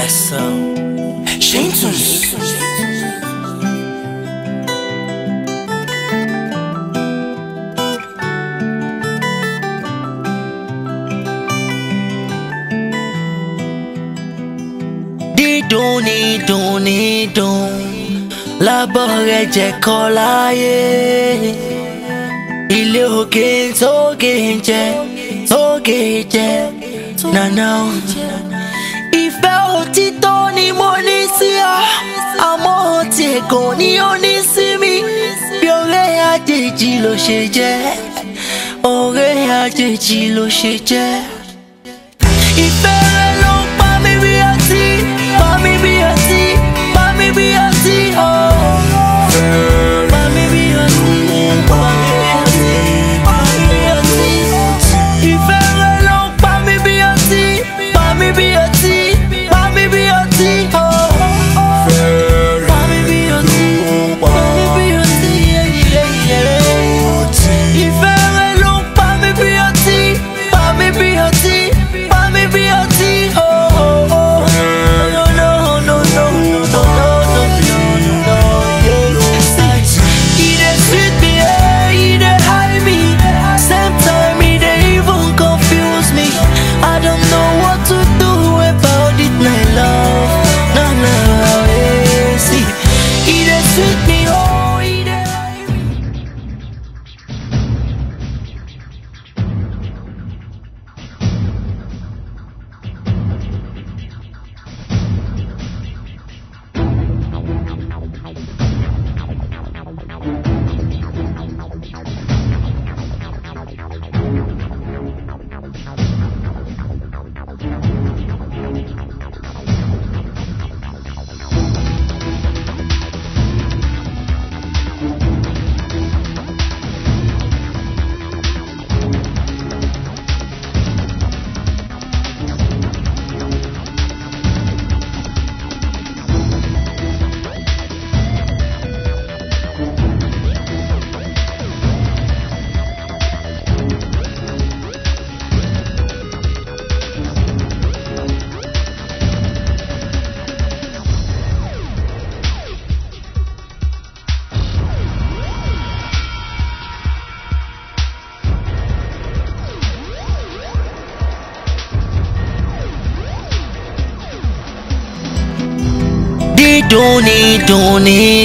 coração. Gente, dídùn ni dùn ni dùn lábọ̀ rẹ̀ jẹ́ kọ́ láyé ilé òkè tókè jẹ́ tókè jẹ́ nana ní sí ọ àmọ́ ti ègàn ni ó ní sí mi bí ọ̀rẹ́ àjèjì ló ṣe jẹ́ ọ̀rẹ́ àjèjì ló ṣe jẹ́. ìfẹ́ rẹ ló ń pa mí bí ọtí pa mí bí ọtí pa mí bí ọtí ọ̀rọ̀. Oh.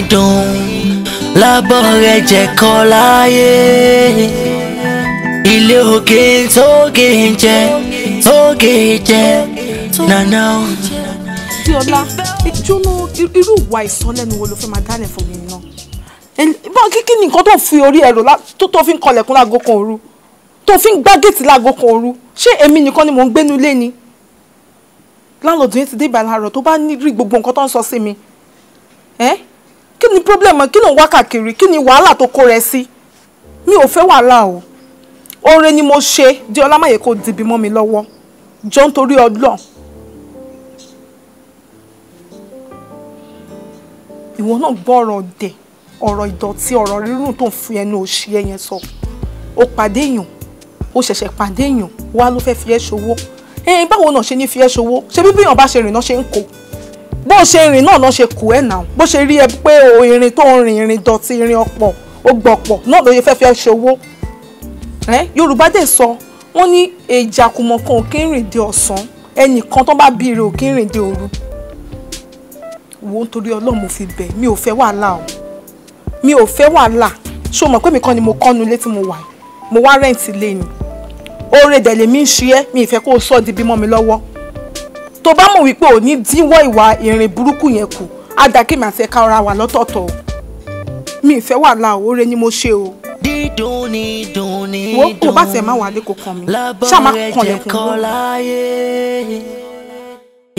dùn lábọ̀ rẹ̀ jẹ́ kọ́ láyé ilé òkè tóge jẹ tóge jẹ nana. Bíọ́lá ìjọ́nà irú ìwà ìsọlẹ́nu wo ló fẹ́ máa dálẹ̀ fún mi náà? Báwo kíkí ni nǹkan tó fi orí ẹ̀rọ tó fi ń kọlẹ̀kùn láago kan òru tó fi ń gbá géètì láago kan òru ṣé èmi nìkan ni mò ń gbénu ilé ni? Láńlọ́ọ̀dù yẹn ti dé ìbàlẹ̀ àárọ̀ tó bá rí gbogbo nǹkan tó ń sọ sí mi. Eh? kí ni problem kí ló ń wá káàkiri kí ni wàhálà tó kó rẹ sí mi ò fẹ́ wàhálà o oore ni mo ṣe di ọlámáyé kò dìbì mọ́ mi lọ́wọ́ jọ nítorí ọlọ́run ìwọ náà gbọ́ ọ̀rọ̀ dẹ̀ ọ̀rọ̀ ìdọ̀tí ọ̀rọ̀ rírùn tó ń fi ẹnu òṣì ẹyẹn sọ ó pàdé èèyàn ó ṣẹ̀ṣẹ̀ pàdé èèyàn wá ló fẹ́ fi ẹ́ ṣòwò ẹ̀yìn báwo náà ṣe ní fi ẹ́ ṣòwò ṣe bí bí èèyàn bá ṣe rìn náà ṣe ń kó bó ṣe rìn náà lọ ṣe kù ẹ́ náà bó ṣe rí ẹ pé o irin tó ń rìn irin dọ̀tí irin ọ̀pọ̀ ó gbọ̀pọ̀ náà ló yẹ fẹ́ fẹ́ ṣòwò yorùbá dẹ̀ sọ wọ́n ní èjàkùmọ̀ kan ò kí ń rìn dé ọ̀sán ẹnìkan tó bá bí ire ò kí ń rìn dé òru wo nítorí ọlọ́run mo fi bẹ̀ mi ò fẹ́ wàhálà o mi ò fẹ́ wàhálà ṣé o mọ̀ pé mi kan ni mo kọ́nu ilé tí mo wà mo wá rẹ́ǹtì lé ni oore dẹ̀ lèmi ń ṣe é mi ì fẹ́ kó o sọ́ di bímọ mi lọ́wọ́ tó bá mọ̀ wípé ò ní díwọ́ ìwà ìrìn burúkú yẹn kù àdàkèmí àti ẹ̀ka ọ̀ra wà lọ́tọ̀ọ̀tọ̀ mi ìfẹ́ wà láà oore ni mo ṣe o dídùn ni dùn ni dùn wọ́n kò bá tẹ̀ má wà lẹ́kọ̀ọ́ kan mi ṣáà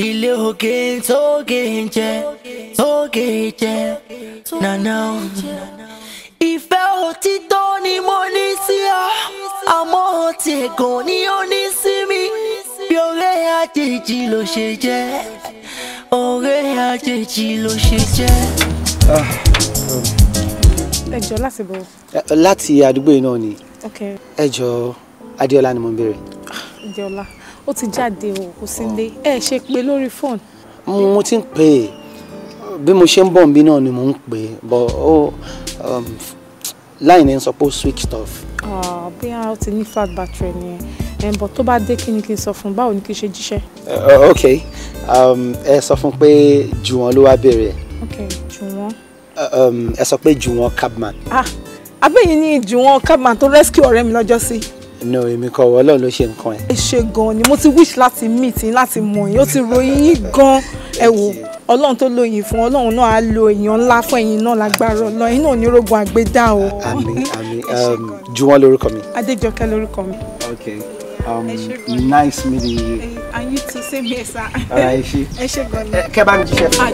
ilé òkè tóge jẹ tóge jẹ nana ìfẹ́ òtítọ́ ni mo ní sí ọ àmọ́ òtí ègàn ni ó ní sí mi bí ọ̀rẹ́ àjèjì ló ṣe jẹ́ ọ̀rẹ́ àjèjì ló ṣe jẹ́. Ah. ẹ jọ láti bọ. Eh, láti àdúgbò yìí ni ẹ jọ Adéọlá ni mo ń béèrè. Ah, Adéọlá ó ti jáde o kò sí ilé ẹ ṣe pé lórí fóònù. mo ti ń pè é bí mo ṣe ń bọ̀ nbí náà ni mo ń pè é bọ̀ ó um, láì ní sọ pé ó switch off. Ah, bí a ti ní fat battery nìyẹn but tó bá dé kí ni kí n sọ fún báwo ni kí n ṣe jíṣẹ́. Uh, ok um, ẹ sọ fún pé Jùwọ́n ló wá béèrè. ok Jùwọ́n. Uh, um, ẹ sọ pé Jùwọ́n cabman. ah abẹ́yìn ni Jùwọ́n cabman tó rescue ọ̀rẹ́ mi lọ́jọ́ sí. no èmi kọ́ wọ́n Ọlọ́run ló ṣe nǹkan ẹ̀. ẹ ṣe gan-an ni mo ti wish láti meet yín láti mọ̀ yín ó ti ròyìn yín gan-an ẹ wò ọlọ́run tó lóyìn fún ọlọ́run náà á lo èèyàn ńlá fún ẹ̀yin náà lágbára ọlọ́run yín náà ní rogun àgbédá o. àmín àmín um, Jùwọ́n lórúkọ mi. Adéjọkẹ́ lórúkọ mi. okay. Um, nice meeting you. And you too, same here, sir. All right, she. Ẹ ṣé gan ni. Kẹ́ ah,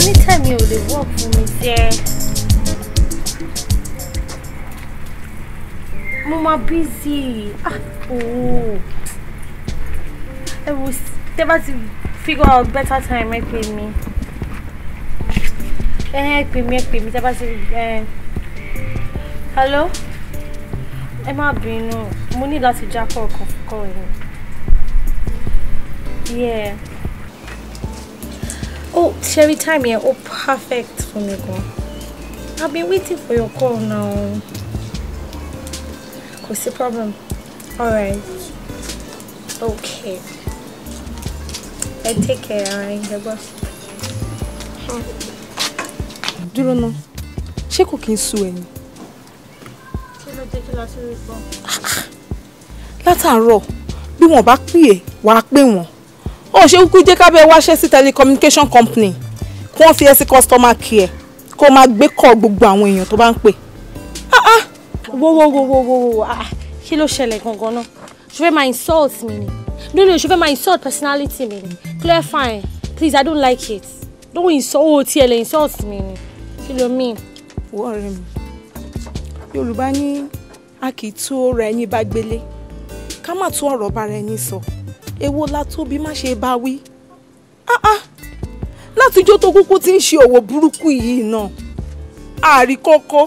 Anytime you dey work for me there, mo busy. Ah, oh. I was. tẹ́ bá figure out better time ẹ pè mí ẹ pè mí ẹ pè mí tábà sí ẹ hello ẹ má bínú mo ní láti já kọ́ ọkàn kọ́ yẹn yeah oh sherry time yẹn oh perfect for me gan I've been waiting for your call now kò sí problem alright okay ẹ take care ara the boss. Do you know? She cooking soup. sú ẹ̀yin. kí ló dé kí la tún rí bọ́. látàárọ̀ bí wọ́n bá pè é wàá pè wọ́n ó ṣe kúkú jẹ́ kábẹ́ wáṣẹ́ sí telecommunication company kí wọ́n fi ẹ́ sí customer care kó máa gbé kọ́ gbogbo àwọn èèyàn tó bá ń Whoa whoa whoa wo wo wo wo ah, ah. kí ló ṣẹlẹ̀ gangan náà ṣùgbọ́n insult insult No no. lónìí ṣùgbọ́n máa insult personality mi clear fine please i don't like it don't insult owó oh, insult me. ni kí ló mean. wọ́n ọ̀rẹ́ mi yorùbá ní a kì í tó ra ẹni bá gbélé ká má tó ọ̀rọ̀ bára ẹni sọ èwo la tó bí má ṣe bá wí látijọ́ tó kúkú ti ń ṣe òwò burúkú yìí náà àrí kọ́kọ́.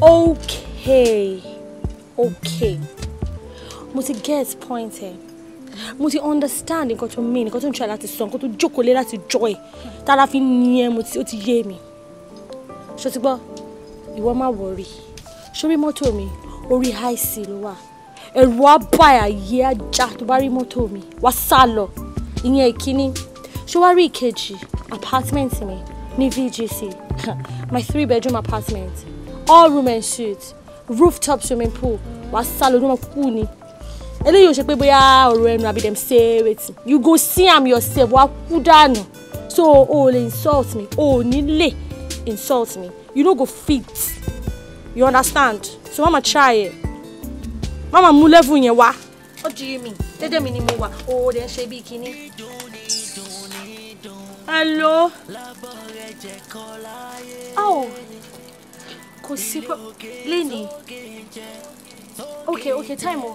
okay okay mo ti get point ẹ. Eh mo ti understand nǹkan tó mean nǹkan tó ń ṣe láti sọ nǹkan tó jókòó lé láti jọ ẹ̀ tára fi ní ẹ mo ti ó ti yé mi ṣó ti gbọ́ ìwọ má wọrí sórí mọ́tò mi orí high sea ló wà ẹ̀rù abá àyè ajá tó bá rí mọ́tò mi wá sá lọ ìyẹn ìkíní ṣó wá rí ìkejì apartment mi ní VGC my three bedroom apartment all room and suite rooftop swimming pool wá sá lọ ní wọn kú ni eléyìí ò ṣe pé bóyá ọ̀rọ̀ ẹnu àbí dem say wetin you go see am yourself wá kú dànù so o oh, lè insult me o oh, ní lè insult me you no go fit you understand so mama try it. mama mú level yẹn wá ó jí mi dédé mi ni mo wà o ò dẹ̀ ń ṣe bíi kinní. hello. oh kò sí pé lénìí ok ok time o.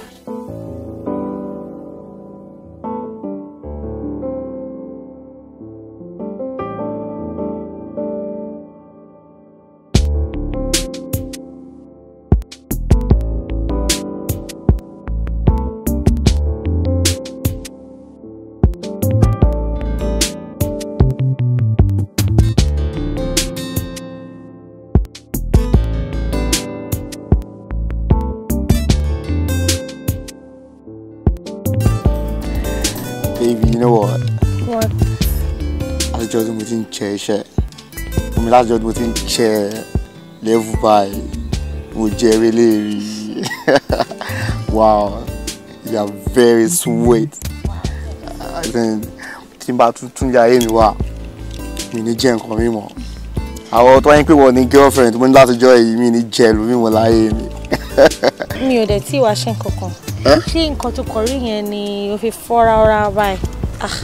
ìjọ tí mo ti ń jẹ iṣẹ́ fún mi láti jọ tí mo ti ń jẹ level báyìí mo jẹ eré léèrí wow you are very sweet tí n bá tún yà ayé mi wá mi ní jẹ nǹkan mi mọ́ àwọn tó wáyé pé wọ́n ní girlfriend mo ní látijọ́ èyí mi ní jẹ lómi wọn láyé mi. mi ò dẹ̀ tí wàá ṣe nǹkan kan ṣé nǹkan tó kọrí yẹn ni o fi fọ́ra ọ́ra báyìí. Ah,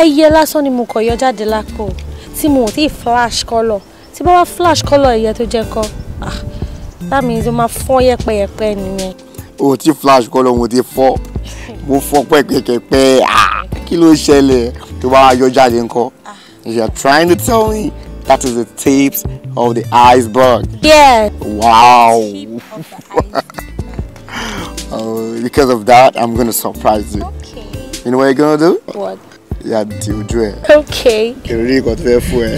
ẹyẹ lásán ni mo kọ̀ yọ jáde lápò tí mo ò flash colour tí bá wá flash colour ẹyẹ tó jẹ́ kọ́ ah, that means o máa fọ́ yẹpẹyẹpẹ nìyẹn. o ti flash colour mo ti fọ́ mo fọ́ pẹ́pẹ́pẹ́ ah, kí ló ṣẹlẹ̀ tó bá wá yọ jáde ńkọ́ you are trying to tell me that is the tips of the iceberg. yeah. wow. uh, because of that, I'm gonna surprise you. Okay. You know what you're gonna do? What? yà di ojú ẹ. ok. ìrírí nǹkan tó fẹ́ fún ẹ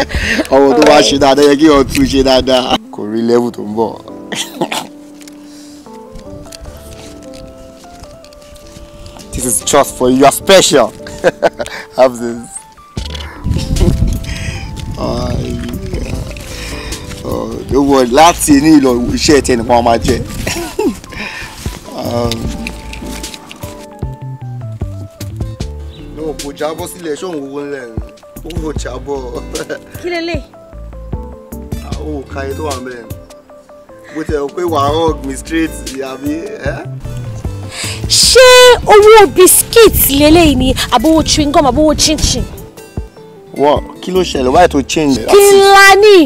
ọmọ tó bá ṣe dáadáa yẹ kí ọ tún ṣe dáadáa. kò rí level tó ń bọ̀. this is just for you you are special have this. owó oh, láti ní ìlọ iṣẹ́ tẹnìkan máa jẹ. Um, kò jábọ́ sílẹ̀ ṣé òun wo ńlẹ̀ ó kò jábọ́. kí lélẹ̀. àwọn ah, òkàyè tó wà ń bẹ̀rẹ̀ bó tẹ̀ ọ́ pé wàá hug mi straight àbí ṣé owó bisikíìtì lélẹ́yìí ni àbówó chewing gum àbówó chinchin. wọ́n kí ló ṣẹlẹ̀ wáyé tó change. kí n la ní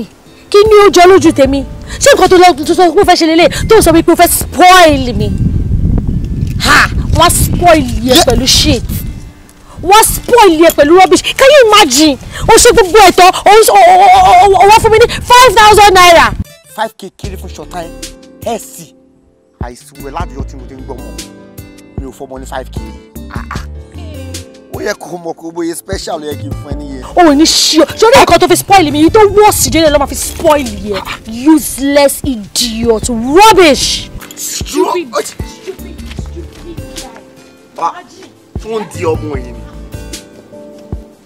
kí ni ó jọ lójú tèmi ṣé nǹkan tó lọ tó sọ pé ó fẹ́ ṣe lélẹ̀ tó sọ pé ó fẹ́ spoil mi ha wọ́n spoil yẹ pẹ̀lú shit wọ́n spoil yẹ pẹ̀lú rubbish can you imagine o ṣe gbogbo ẹ̀tọ́ owó fún mi ní five thousand naira. five k kiri fún ṣọta ẹ ẹ sì àìsí wẹ láti yọ tí mo ti ń gbọmọ mi ò fọmọ ní five k ah, ah. ó yẹ kó mọ kó bóyá special yẹ kí n fún ẹ níyẹn. o ò ní ṣíọ sórí ẹ̀kọ́ tó fi spoil mi yìí tó wọ́ọ̀sì délé ló máa fi spoil yẹ ah, useless idiot rubbish. stupid stupid stupid guy. fún di ọmọ yìí ni.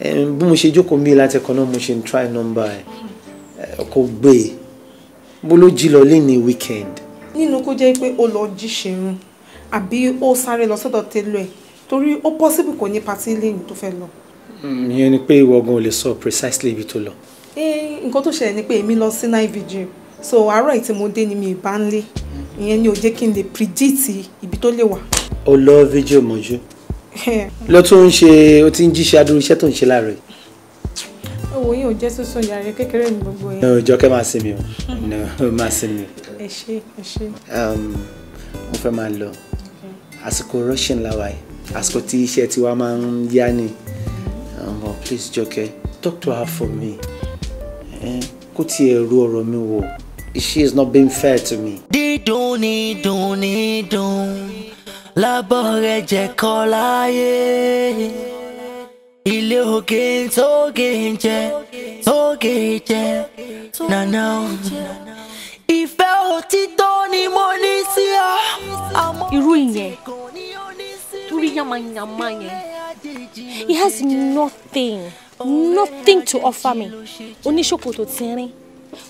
bí mo ṣe jókòó mi láti ẹ̀kọ́ náà mo ṣe ń try number ẹ̀ kò gbé e bó ló jí lọ lẹ́ni weekend. nínú kó jẹ́ pé ó lọ jí ṣerun àbí ó sáré lọ sọ́dọ̀ tẹ́lọ̀ ẹ̀ torí ó possible kò ní patí lẹ́yìn tó fẹ́ lọ. Hmm, ìyẹn ni pé ìwọ gan ò lè sọ precisely ibi tó lọ. nǹkan tó ṣẹlẹ̀ ni pé èmi lọ sí night vigil so àárọ̀ tí mo dé ni mi ìbá ń lé ìyẹn ni ò jẹ́ kí n lè predict ibi tó lè wà. ó lọ vigil mọ́jú lọ tún ń ṣe ó ti ń jíṣẹ́ adúrú iṣẹ́ tó ń ṣe láàárọ̀ yìí. owó yìí ò jẹ́ soso yàrá kékeré ní gbogbo yẹn. Jọkẹ́ máa sinmi o máa sinmi. ẹ ṣe ẹ ṣe. Um, mo fẹ́ máa lọ àsìkò russian làwà yìí àsìkò tí iṣẹ́ tiwa máa ń yá ni um, please Jọkẹ́ talk to her for me eh, kó tiẹ̀ ru ọ̀rọ̀ mi wò she is not being fair to me. dídùn ni dùn ni dùn lábọ̀ rẹ̀ jẹ́ kọ́ láyé ilé òkè tóge jẹ tóge jẹ nànà ìfẹ́ òtítọ́ ni mo ní sí ọ. irú ìyẹn torí yamayama yẹn he has nothing nothing to offer me oníṣòkòtò tínrín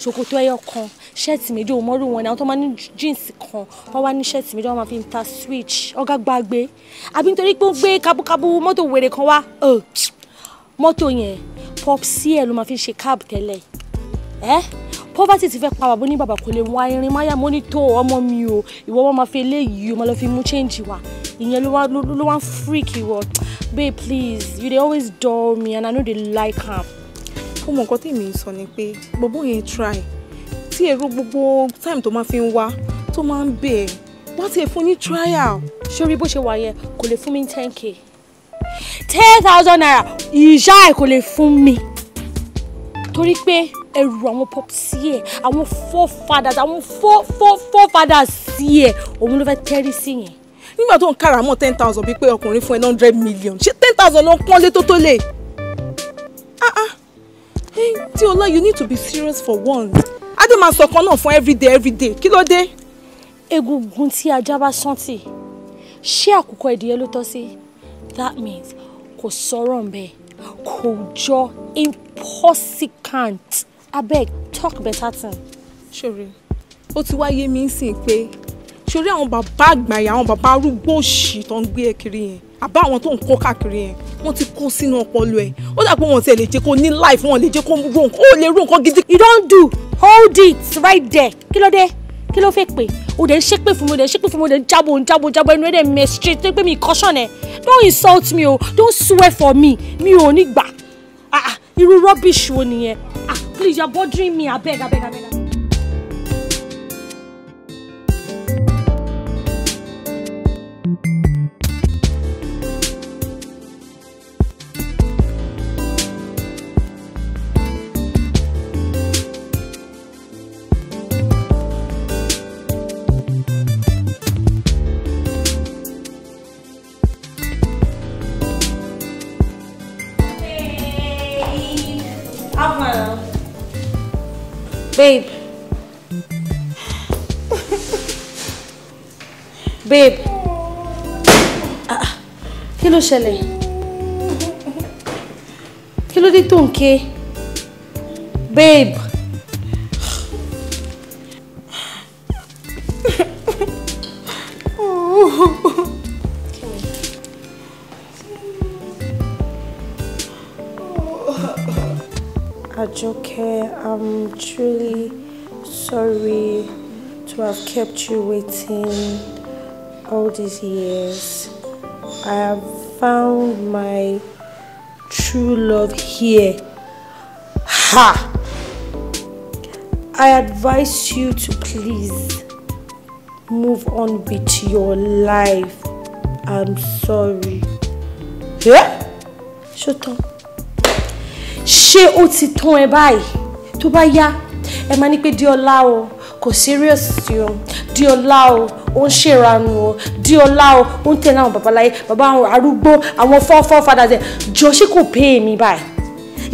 ṣòkòtò ẹyọ kan ṣẹ́ẹ̀tì méjì ò mọ́rù wọn ni àwọn tó máa ní jíǹsì kan wọ́n wá ní ṣẹ́ẹ̀tì méjì wọ́n máa fi ń ta switch ọ̀gá gbàgbé àbí nítorí pé ó gbé kábúkábú mọ́tò wèrè kan wá mọ́tò yẹn pop sí ẹ̀ ló máa fi ń ṣe cab tẹ́lẹ̀ ẹ́ poverty ti fẹ́ pa bàbá ní bàbá kò lè wá irin máyà mo ní tó ọmọ mi o ìwọ wọn máa fi eléyìí o máa lọ fi mú change wa ìyẹn ló wá ló wá freak ìwọ babe please you dey always dull me and i no dey like am ó mọ nǹkan tèmi ń sọ ni pé bọ̀bọ̀ yẹn try tí èrò gbogbo time tó máa fi ń wá tó máa ń bẹ̀ ẹ́ wọ́n ti fún ní trial. sórí bó ṣe wà yẹn kò lè fún mi ten k ten thousand naira ìyá ẹ̀ kò lè fún mi torí pé ẹrù àwọn pọ́pùsì ẹ̀ àwọn forefathers àwọn fathers. sí ẹ̀ òun ló fẹ́ tẹ́rí sí yẹn nígbà tó ń kára mọ́ ten thousand bíi pé ọkùnrin fún ẹ ní hundred million ṣé ten thousand ló ń pọ́nlé tó tó lè. ah ah Hey, Diola, you need to be serious for once. Adé máa sọ kan náà fún everyday everyday. Kí ló dé? Egungun tí ajá bá ṣántì, ṣé àkùkọ ìdíyẹ ló tọ́ sí? That means kò sọ̀rọ̀ mbẹ́, kò jọ impossible. Abeg, talk better thing. Ṣòro, ó ti wá yé mi sìn pé ṣorí àwọn bàbá àgbà yẹn àwọn bàbá arúgbó òṣì tó ń gbé kiri yẹn àbá àwọn tó ń kó káàkiri wọ́n ti kó sínú ọpọlọ ẹ̀ ó dà pé wọ́n ti lè jẹ́ kó ní life wọ́n lè jẹ́ kó ro nǹkan lè ro nǹkan gidi. you don do hold it right there kí ló dé kí ló fẹ́ pé o dẹ̀ ń ṣépè fún mi o dẹ̀ ń ṣépè fún mi o dẹ̀ ń jábọ̀ ń jábọ̀ jábọ̀ ẹnu ẹ̀ dẹ̀ mẹ́ straight tó pé mi caution ẹ̀ don't insult me o don't swear for me mi ò ní gbà ah, ah irú rubbish wo nìyẹn ah please you are bothering me abeg abeg abeg. abeg. Babe. Babe. Ah, ah. Kí ló ṣẹlẹ̀? Kí ló dé tó ń ké? Babe. I'm truly sorry to have kept you waiting all these years. I have found my true love here. Ha! I advise you to please move on with your life. I'm sorry. Yeah? Shut up. She ó ti ẹ báyìí? tó bá yá ẹ máa ní pé díọlá o kò serious sí o díọlá o ó ń ṣèrànù o díọlá o ó ń tẹ̀lé àwọn babaláyé bàbá àwọn arúgbó àwọn fọ́fọ́ fada ẹ̀ jọ ṣé kò pé èmi báyìí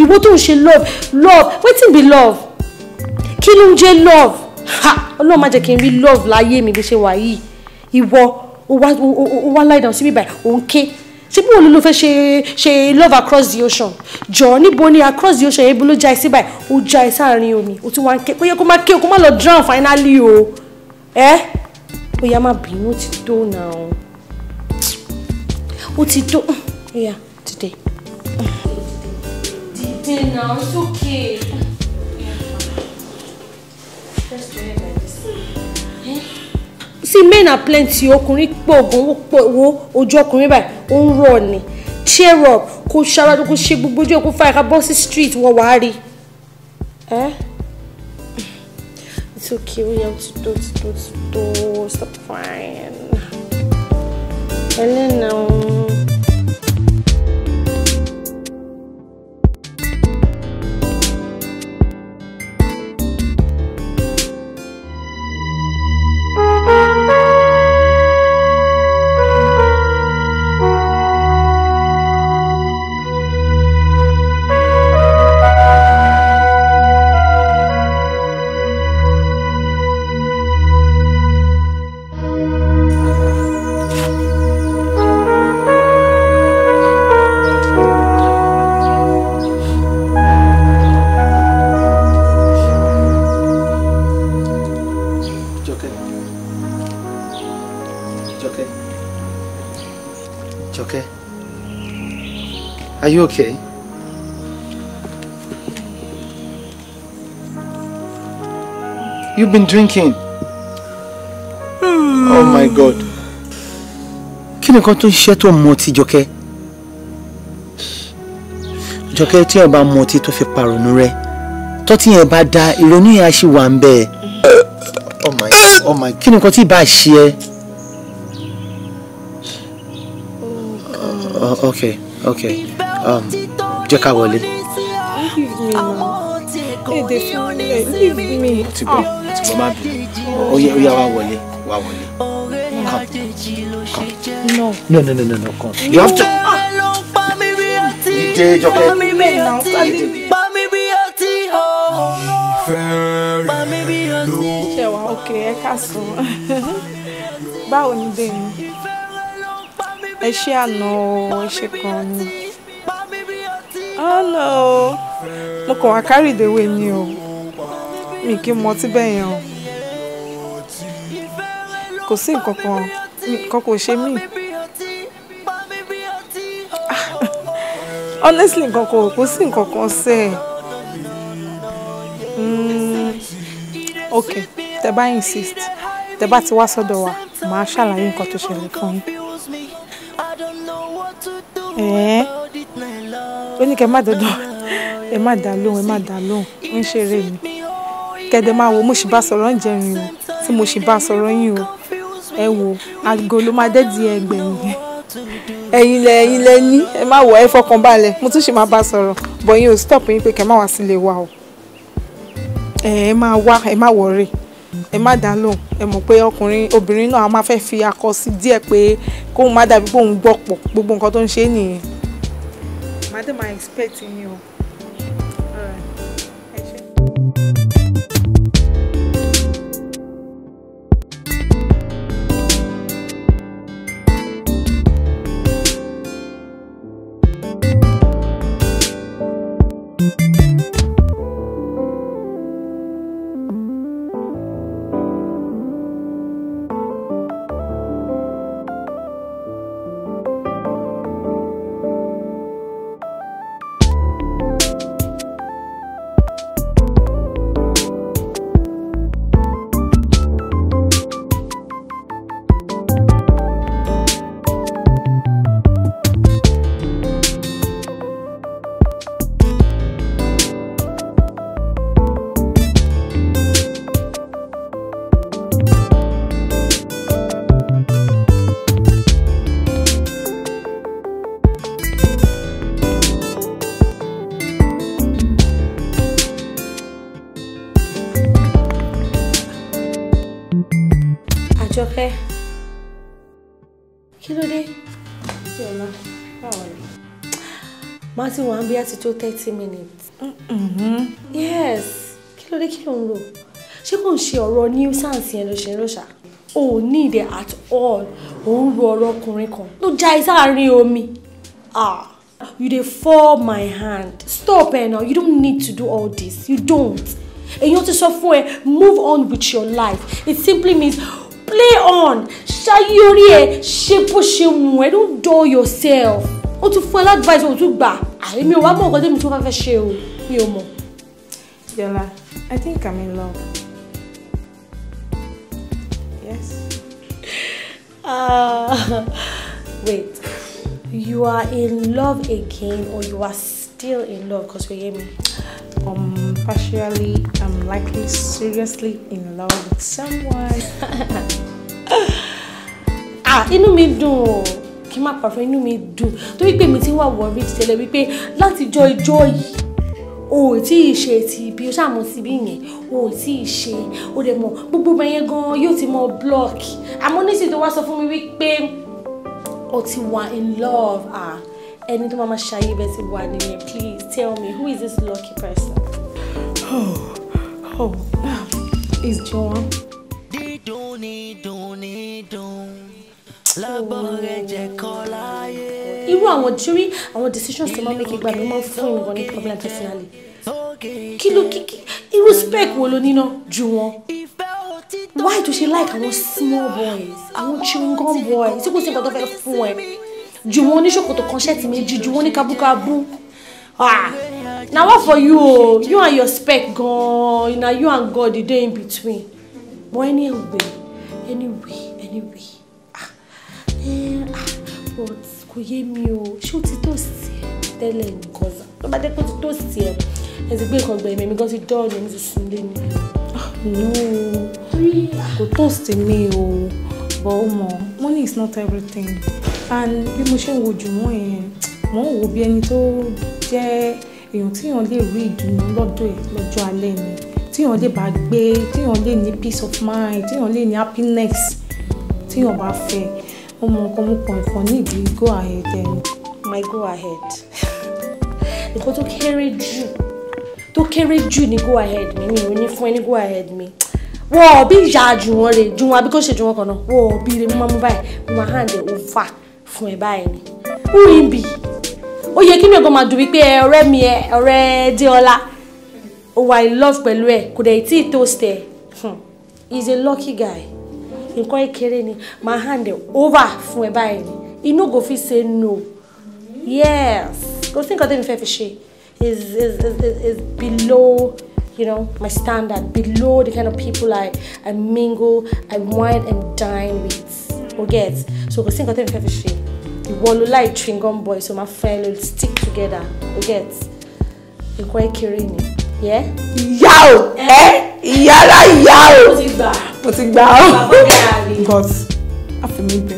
ìwọ tó ń ṣe love love wetin be love kí ló ń jẹ́ love ha ọlọ́run má jẹ́ kí n rí love láyé mi bí ṣe wà yìí ìwọ ó wá láì dàn sí mi báyìí òun ké ṣé bí wọn ló fẹ́ ṣe ṣe love across the ocean jọ níbo ni across the ocean yẹn bí ló já ẹ sí báyìí ó já ẹ sáàrin omi ó tún wá ń ké kó yẹ kó má ké kó má lọ drown finally o ẹ ó yá má bínú ó ti tó náà ó ti tó ó yá dìde. dìde náà it's okay. sí men are plenty ọkùnrin pọ̀ wo ojú ọkùnrin báyìí ó ń rọ̀ ni cheer up kó ṣáwájú kó ṣe gbogbo ojú ẹ̀kú fáyà ká bọ́ sí street wọ́n wàá rí i. Eh? It's okay, we have to do, to do, to do, stop fine. Hello now. Okay. Are you okay? You've been drinking. Oh my God. Kí ni nǹkan tó ń ṣe tó Joke? Joke, Jọkẹ́? Jọkẹ́ tí ẹ bá mu ọtí tó fi pàrònú rẹ. Tọ́tí yẹn da ìrònú yẹn á ṣì wà ń bẹ́ẹ̀. Oh my Oh my God. Kí ni nǹkan tí ì Oh, okay, okay. um, jẹ́ ká wọlé. èdè fún leave me. ti bọ̀ ti bọ̀ má bì ó yẹ ó yẹ wá wọlé wá wọlé come come no no no no no, come you have to. ìdè jọkẹ́. ìfẹ́ rẹ̀ ló. ṣẹ̀wá òkè ẹ̀ka sùn báwo ni ẹ ṣe àná ẹ ṣe kan ni. hello mo kàn wá carry the way ni o mi kì í mọtí bẹ́ẹ̀ yẹn o kò sí nǹkan kan kò ṣe mí ah, honestly nǹkan kan kò sí nǹkan kan ṣe hmm, ok tẹ bá insist tẹ bá ti wá sọ́dọ̀ wa màá ṣàlàyé nǹkan tó ṣẹlẹ̀ fún yín. Eh. ó ní kẹ́ má dọ́dọ̀ ẹ má dá lóhùn ẹ má dá lóhùn ń ṣeré mi kẹ́dẹ̀ máa wo mo sì bá sọ̀rọ̀ ń jẹrin o tí mo sì bá sọ̀rọ̀ yín o ẹ wo aago ló máa dẹ́di ẹgbẹ̀yìn ẹ̀yin lẹ ẹ̀yin lẹ ní ẹ má wọ ẹ fọkàn mo tún sì máa bá sọ̀rọ̀ bọ̀ yín ò stop yín pé kẹ́ má wá sílé wa o ẹ má wá ẹ má wọ̀ọ́rẹ́ ẹ má dá lóhùn ẹ mọ̀ pé ọkùnrin obìnrin náà a máa fẹ́ fi akọ sí díẹ̀ pé kóun má dàbí pé òun gbọ́pọ̀ gbogbo nǹkan tó ń ṣe nìyẹn. màdàmá expect yín o. bóyá ti tó thirty minutes. Mm-hmm. yes kí ló dé kí ló ń lò ṣé kò ń ṣe ọ̀rọ̀ nuisance yẹn ló ṣe ń lò ṣá o ò ní ìdẹ at all òun ro ọ̀rọ̀ ọkùnrin kan ló já ẹ sáàárín omi ah you dey fall my hand stop ẹ na you don't need to do all this you don't èyàn ti sọ fún ẹ move on with your life it simply means play on ṣayé orí ẹ ṣe bó ṣe wù ẹ don't dull yourself ó tún fún ẹ ládvice ó tún gbà èmi ò wá mọ nǹkan tẹ́mi tó bá fẹ́ ṣe o mi ò mọ̀. Yola, I think I'm in love. Yes. Uh, wait, you are in love again or you are still in love because you hear me? Um, partially, I'm likely seriously in love with someone. ah, inú mi dùn o kí má pàrọ̀ inú mi dùn torí pé mi ti wà wọ̀rí tẹ́lẹ̀ wípé látijọ́ ijọ́ yìí o ò tí ì ṣe ti ibi o ṣàmú ti ibi yẹn o ò tí ì ṣe o dẹ̀ mọ̀ gbogbo ọmọ gan yóò ti mọ block àmọ́ nísìnyí tó wá sọ fún mi wípé o ti wà in love ah ẹni tó máa ma ṣayé bẹ́ẹ̀ ti wà nìyẹn please tell me who is this lucky person. oh oh it's John. dídùn ni dùn ni dùn irú àwọn jírí àwọn decisions tó máa ń mẹ́kì gbà ló máa ń fún ìwọ ní problem personally kí ló kí irú spec wo ló níná ju wọn why do she like àwọn small boys àwọn chewing gum boys tí kò sí nǹkan tó fẹ́ fún ẹ ju wọn oníṣòkòtò kan ṣẹ́ẹ̀tì méjì ju wọn ní kábúkábú ah na what for you o you and your spec gan na you and God dey in between but anyway anyway anyway. Eh, ah, but kò yé mi o ṣé o ti tó sí ẹ tẹ́lẹ̀ nǹkan sá tó bá dé pé o ti tó sí ẹ ẹ ti gbé nǹkan gbẹ̀mí mi gan ti dán ọ̀nà mi ti sùn lé mi. Ah, no ah, kò tó sí mi o but ó mọ money is not everything and bí mo ṣe ń wojú wọn yẹn mò ń wò bí ẹni tó jẹ́ èèyàn tíyàn lè rí ìdùnnú lọ́dọ̀ ẹ̀ lọ́jọ́ alẹ́ ni tíyàn lè bá gbé tíyàn lè ní peace of mind tíyàn lè ní happiness tíyàn bá fẹ́ ó mọ nǹkan mú pọ̀ nǹkan ní ìdí go ahead ẹni. my go ahead nǹkan tó kéré jù tó kéré jù ní go ahead mi mi ò ní fún ẹ ní go ahead mi wọ́n ọ̀bí ìyá jù wọ́n rè jù wọn àbí kó ṣe jù wọn kàn náà wọ́n ọ̀bí rè mú mọ́ báyìí mo máa hàn dé òfà fún ẹ báyìí ni who him be ó yẹ kí ni ọgbọ́n máa dùn wípé ọ̀rẹ́ mi ẹ ọ̀rẹ́ Déọlá ó wà in love pẹ̀lú ẹ kò dẹ̀ tí ì tó ṣe ẹ hmm. he is a lucky guy nǹkan kékeré ni máa hand over fún ẹ báyìí ni inú go fi say no yes kò sí nǹkan tẹ́mi fẹ́ fi ṣe is is is is below you know my standard below the kind of people I I mingle I wine and dine with o get so kò sí nǹkan tẹ́mi fẹ́ fi ṣe ìwọ láì chewing gum boy so my fẹ́ will stick together o get nǹkan kékeré ni ìyá o ìyá ara ìyá o mo ti gbà ó but àfi mi bẹ.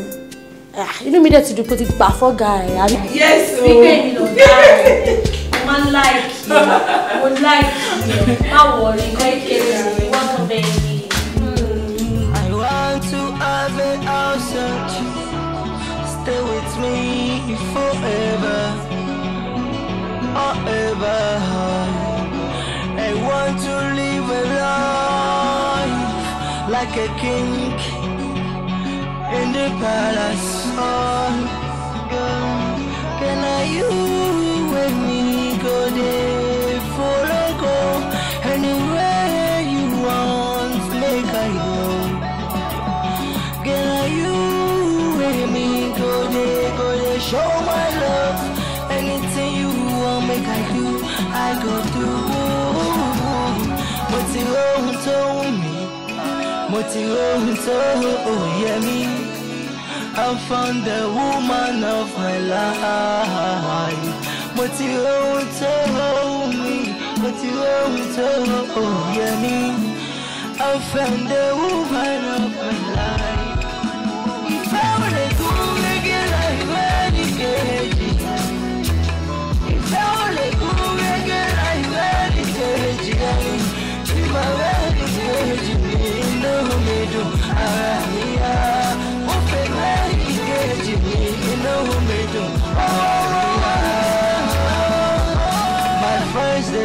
Ah, inú mi dẹ̀ ti dùn pé o ti gbà fọ́gà ẹ̀ àbí. yes o pípé mi lọ gbà ẹ̀ mo máa ń láìkì like you. má wọrí kọ́ ìkéde wọ́n tó bẹ́ẹ̀ ni. Hmm. a house forever, forever. like a king in the palace. Oh, girl, Can I you with me go there for a go anywhere you want? Make I go. Can I you with me go there, go there? Show my love. Anything you want, make I do. I go through. But you don't mo ti rohun tó oh òye mi I found the woman of my life mo ti rohun tó oh mi mo ti rohun tó òye mi I found the woman of my life.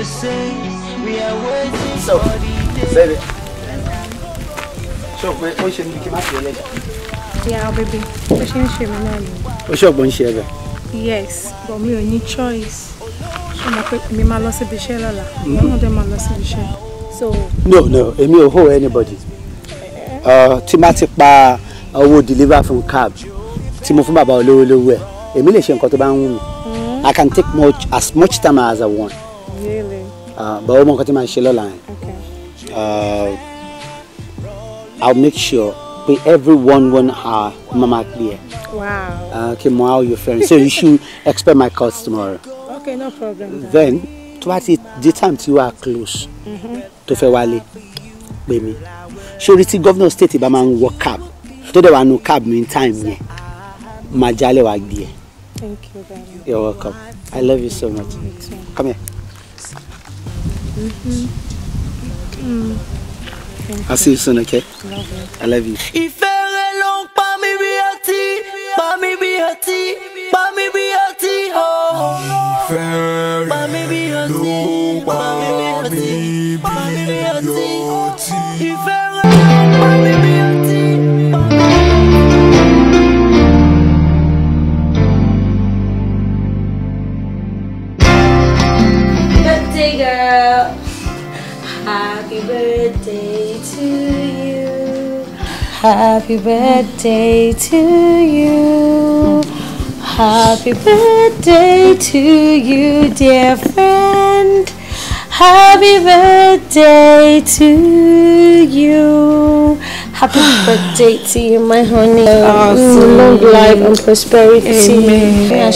say we are waiting so, for the day. Baby. Ṣọ́ọ̀pù ó ṣe mi kí n má ṣe Yeah, baby. Ó ṣe ń ṣe mi náà ni. Ó ṣọ́ọ̀pù ń ṣe ẹ̀bẹ̀. Yes, but mi ò ní choice. Ṣé mo pé the share, lọ síbi iṣẹ́ lọ́la? Ìyá náà dẹ̀ máa So. No, no, èmi ò hó anybody. Uh, má ti pa owó deliver from cab tí mo fún bàbá olówó lówó ẹ̀ èmi lè ṣe nǹkan tó mm-hmm. I can take much, as much time as I want. Really? Uh, bàbá ọmọ nǹkan tí màá ṣe lọ́la yẹn uh, I'll make sure pé every one one hour mo máa clear uh, kí mo how you fẹ́ràn so you should expect my calls tomorrow. okay no problem. then tó the ti di time tí wàá close mm-hmm. tó fẹ́ wálé pè mí sórí tí state bá máa ń wọ cab tó dẹ̀ wà nù cab in time yẹn màá jálẹ̀ wá gbé Thank you very much. You're welcome. I love you so much. Come here. Mm-hmm. Mm-hmm. I'll see you soon, okay? Love I love you. If re long pa mi bi ati, pa mi bi ati, pa mi oh. oh. long pa Happy birthday to you. Happy birthday to you, dear friend. Happy birthday to you. Happy birthday to you, my honey. Mm, long life and prosperity. Amen.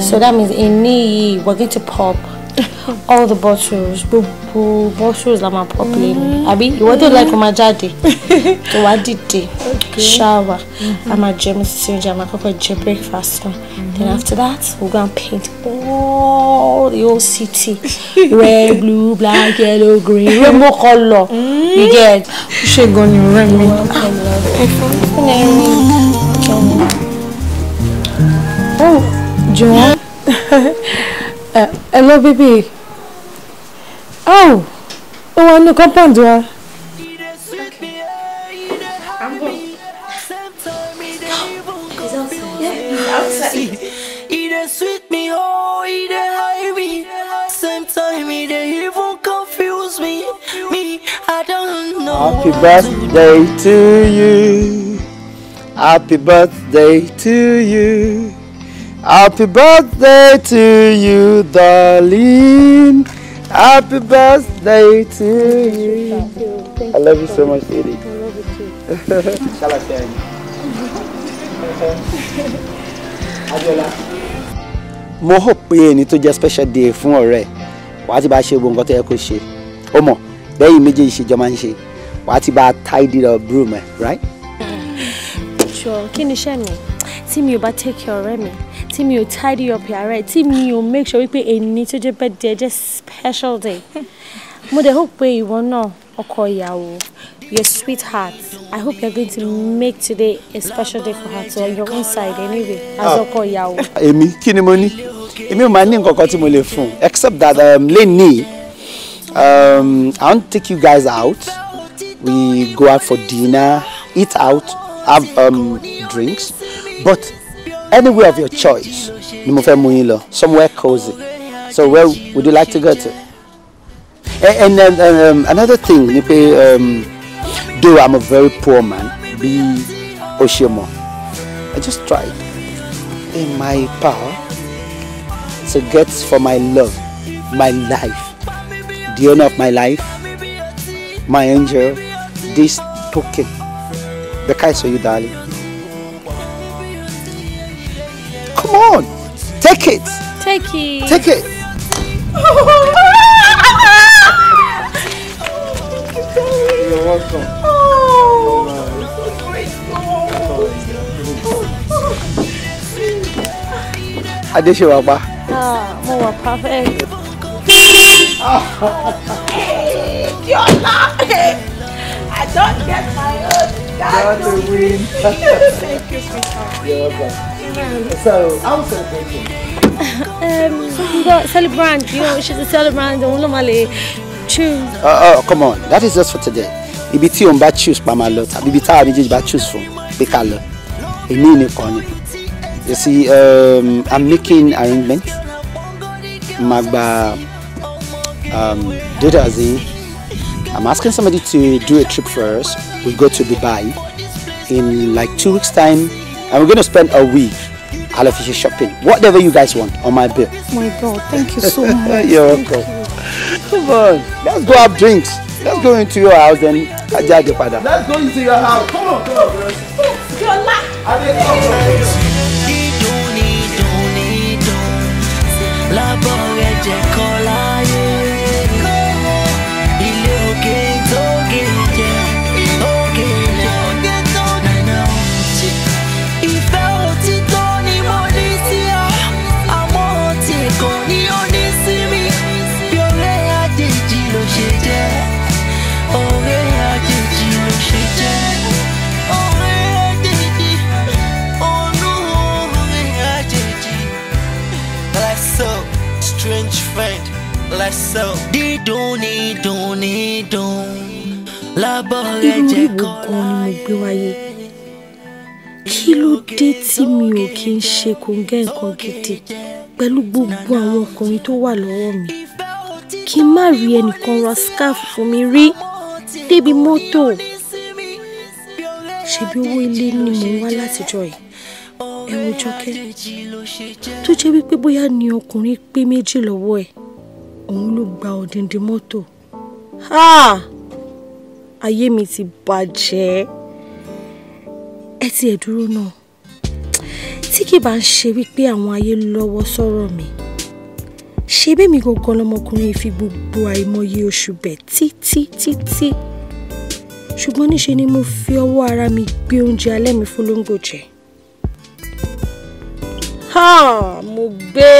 So that means in me, we're going to pop. all the bottles gbogbo bottles la máa pop lẹ́nu mm-hmm. àbí ìwọ tó like kó máa jáde tó wá dìde shower a mm-hmm. máa jẹ mi sí oúnjẹ a máa kọ́kọ́ jẹ breakfast náà then mm-hmm. after that we go and paint all the whole city red blue black yellow green rainbow colour you get. ṣé gan ni ọ̀rẹ́ mi. oh jọ̀wọ́. Uh, hello, baby. Oh, oh, I know compound, Yeah, don't Happy birthday to you. Happy birthday to you. Happy birthday to you, darling. Happy birthday to you. I love you so much, Edie. I love you too. Shall I tell you? Mo hope pé ẹni tó jẹ́ special day fún ọ̀rẹ́ wàá ti bá ṣe gbogbo nǹkan tó yẹ kó ṣe. Ó mọ̀ bẹ́yìn méjèèjì ṣe jọ ń ṣe wàá ti bá tidy the broom ẹ̀ right. Sure, kí ni iṣẹ́ mi tí mi ò bá take your ọ̀rẹ́ mi? tí mi ò tidy up yàrá ẹ̀ tí mi ò make sure wípé èyí tó jẹ́ birthday jẹ́ special day mo dẹ̀ hope pé ìwọ náà ọkọ ìyàwó your sweetheart I hope you are going to make today a special day for her too on your own side anyway as ah. ọkọ ìyàwó. èmi kí ni mo ní èmi ò máa ní nǹkan kan tí mo lè fún except that um, lẹ́nìí um, I want to take you guys out we go out for dinner eat out have um, drinks but anywhere of your choice somewhere cozy so where would you like to go to and, then um, um another thing do um, though I'm a very poor man Be o I just tried in my power to get for my love my life the owner of my life my angel this token the kind of you darling. Come on. Take it. Take it. Take it. You're welcome. Oh, I'm so grateful. Adéṣewà pa. mo wà perfect. Yọ̀lá, I don't get my own. That's the win. Thank you, sweetheart. So I was celebrating. um, we got celebrant. You know, she's a celebrant. Don't normally choose. Uh, oh, come on. That is just for today. Ibi tí òun bá choose pa máa lọ tàbí ibi táwa méjèèjì bá choose fún pé ká lọ èmi nìkan ni you see um, I'm making arrangements. màá um, data as I'm asking somebody to do a trip for us we go to Dubai in like two weeks time and we're going to spend a week Hello Shopping. Whatever you guys want on my bill. my God, thank you so much. You're welcome. You. Come on, let's go have drinks. Let's go into your house then. Let's go into your house. Come on, come on, girls. Your life. myself. dídùn ní dùn ní dùn lábọ̀ ẹ̀jẹ̀ kan láyé. kí ló dé tí mi ò kí ń ṣe kòǹgẹ́ nǹkan gidi pẹ̀lú gbogbo àwọn ọkùnrin tó wà lọ́wọ́ mi kí n má rí ẹnìkan ra scarf fún mi rí débi mọ́tò ṣebí owó ilé ni mò ń wá látijọ́ yìí ẹ wo jọkẹ́ tó jẹ́ wípé bóyá ni ọkùnrin pé méjì lọ́wọ́ ẹ̀ òun ló gba odindi mọ́tò ayé mi ti bàjẹ́ ẹ ti ẹ̀ dúró náà tí kì bá ń ṣe wípé àwọn ayé lọ́wọ́ sọ̀rọ̀ mi ṣe bẹ́mi gangan lọmọkùnrin fi gbogbo àìmọye oṣù bẹ̀ títí títí ṣùgbọ́n níṣe ni mo fi ọwọ́ ara mi gbé oúnjẹ alẹ́ mi fún lóńgò jẹ. mo gbé.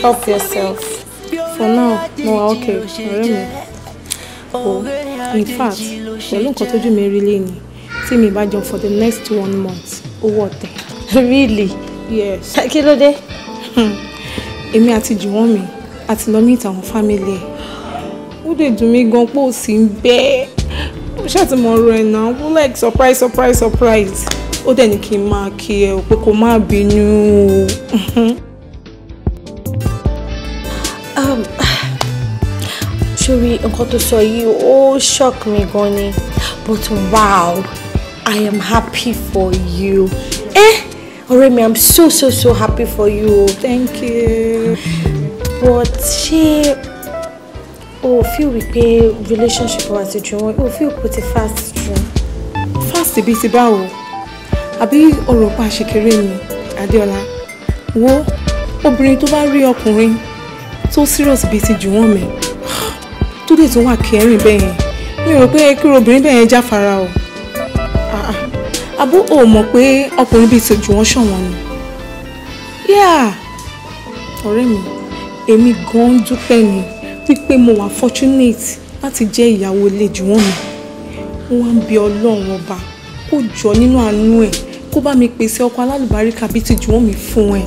Help yourself. For now, no, okay, ọ̀rẹ́ Oh, in fact, pẹ̀lú nǹkan tójú mi rí lẹ́ni tí mi bá jẹun for the next one month, owó ọ̀tẹ̀. Really? Yes. Kí ló dé? Hmm. Èmi àti Jùwọ́n mi àti lọ meet àwọn family ẹ̀. Ó lè dùn mí gan pé ó sì ń bẹ́ẹ̀. Ó ṣàtìmọ̀ ọ̀rọ̀ ẹ̀ náà. Ó like surprise surprise surprise. Ó dẹ̀ ní kí n máa kí ẹ o pé kó má bínú o. Um, sori nǹkan to sọ yìí ó shock me, gan ni but wow I am happy for you. Eh? Oremi, I'm so so so happy for you. Thank you. But ṣé o fi wípé relationship wa ti ju wọn o fi òpó ti fast ju. Fast bíi ti báwo? Àbí ọ̀rọ̀ pa ṣèkéré ni Adéọlá? Wo obìnrin tó bá rí ọkùnrin tó serious bíi ti jù wọ́n mi tó dé tó wà kẹrin bẹ́ẹ̀ yẹn mi rò pé kí obìnrin bẹ́ẹ̀ yẹn jáfara o ah, ah. àbú ò mọ̀ pé ọkùnrin bíi ti jù wọ́n ṣọ̀wọ́n ni yíà ọ̀rẹ́ mi èmi gan-an dúpẹ́ ni wípé mo wà fortunate láti jẹ́ ìyàwó ilé jù wọ́n mi mo wá ń bi ọlọ́run ọba kó jọ nínú àánú ẹ̀ kó bá mi pèsè ọkọ alálùbáríkà bíi ti jù wọ́n mi fún ẹ.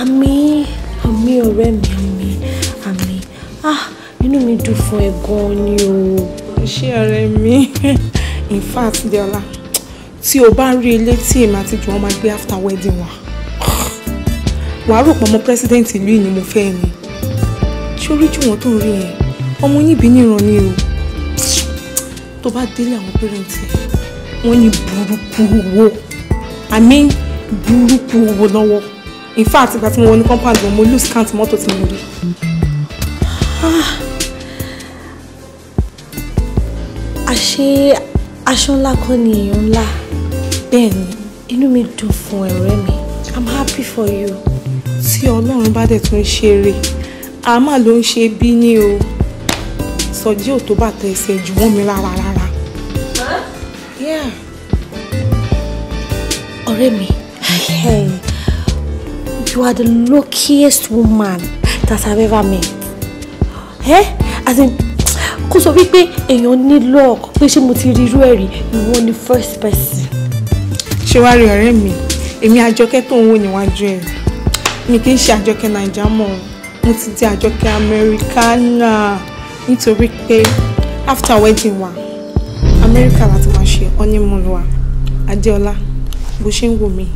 àmín àmín ọ̀rẹ́ mi àmín ah inú mi dùn fún ẹ gan ni o ṣé ọ̀rẹ́ mi in fact deola tí o bá rí ilé tí èmi àti jùwọ́n máa gbé after wedding wa wàá rò pọ̀ mọ́ president ìlú yìí ni mo fẹ́ ni ṣé orí jùwọ́n tó ń rí yẹn ọmọ yín bí níran ni o tó bá délé àwọn pẹ́rẹ́ǹtì wọ́n ní burúkú owó i mean burúkú owó lọ́wọ́ in fact ìgbà tí mo wọ ní compound mo lose count mọ́tò tí mo rí. Ah. àṣé aṣọ ńlá kọ́ ni èèyàn ńlá bẹ́ẹ̀ ni inú mi dùn fún ọ̀rẹ́ mi i'm happy for you. tí ọlọ́run bá dẹ̀ tún ṣe rè á má ló ń ṣe bí ní o sọjí ò tó bàtà ẹsẹ̀ jù wọ́n mi rárá rárá. ọ̀rẹ́ mi you are the luckiest woman that I've ever met ẹ́ as in kó sọ wípé èèyàn ní luck pé ṣé mo ti rí irú ẹ̀ ìwọ ni first person. ṣé wàá rí ọ̀rẹ́ mi èmi àjọkẹ́ tó ń wò níwájú ẹ̀ mi kì í ṣe àjọkẹ́ nàìjà mọ́ mo ti di àjọkẹ́ amẹ́ríkánà nítorí pé after wedding wa amẹ́ríkà láti máa ṣe honeymoon wa adéọlá bó ṣe ń wò mí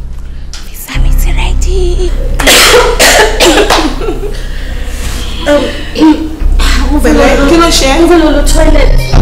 visa mi ti rẹ́dí. mo bẹ̀rẹ̀ eh? kí toilet.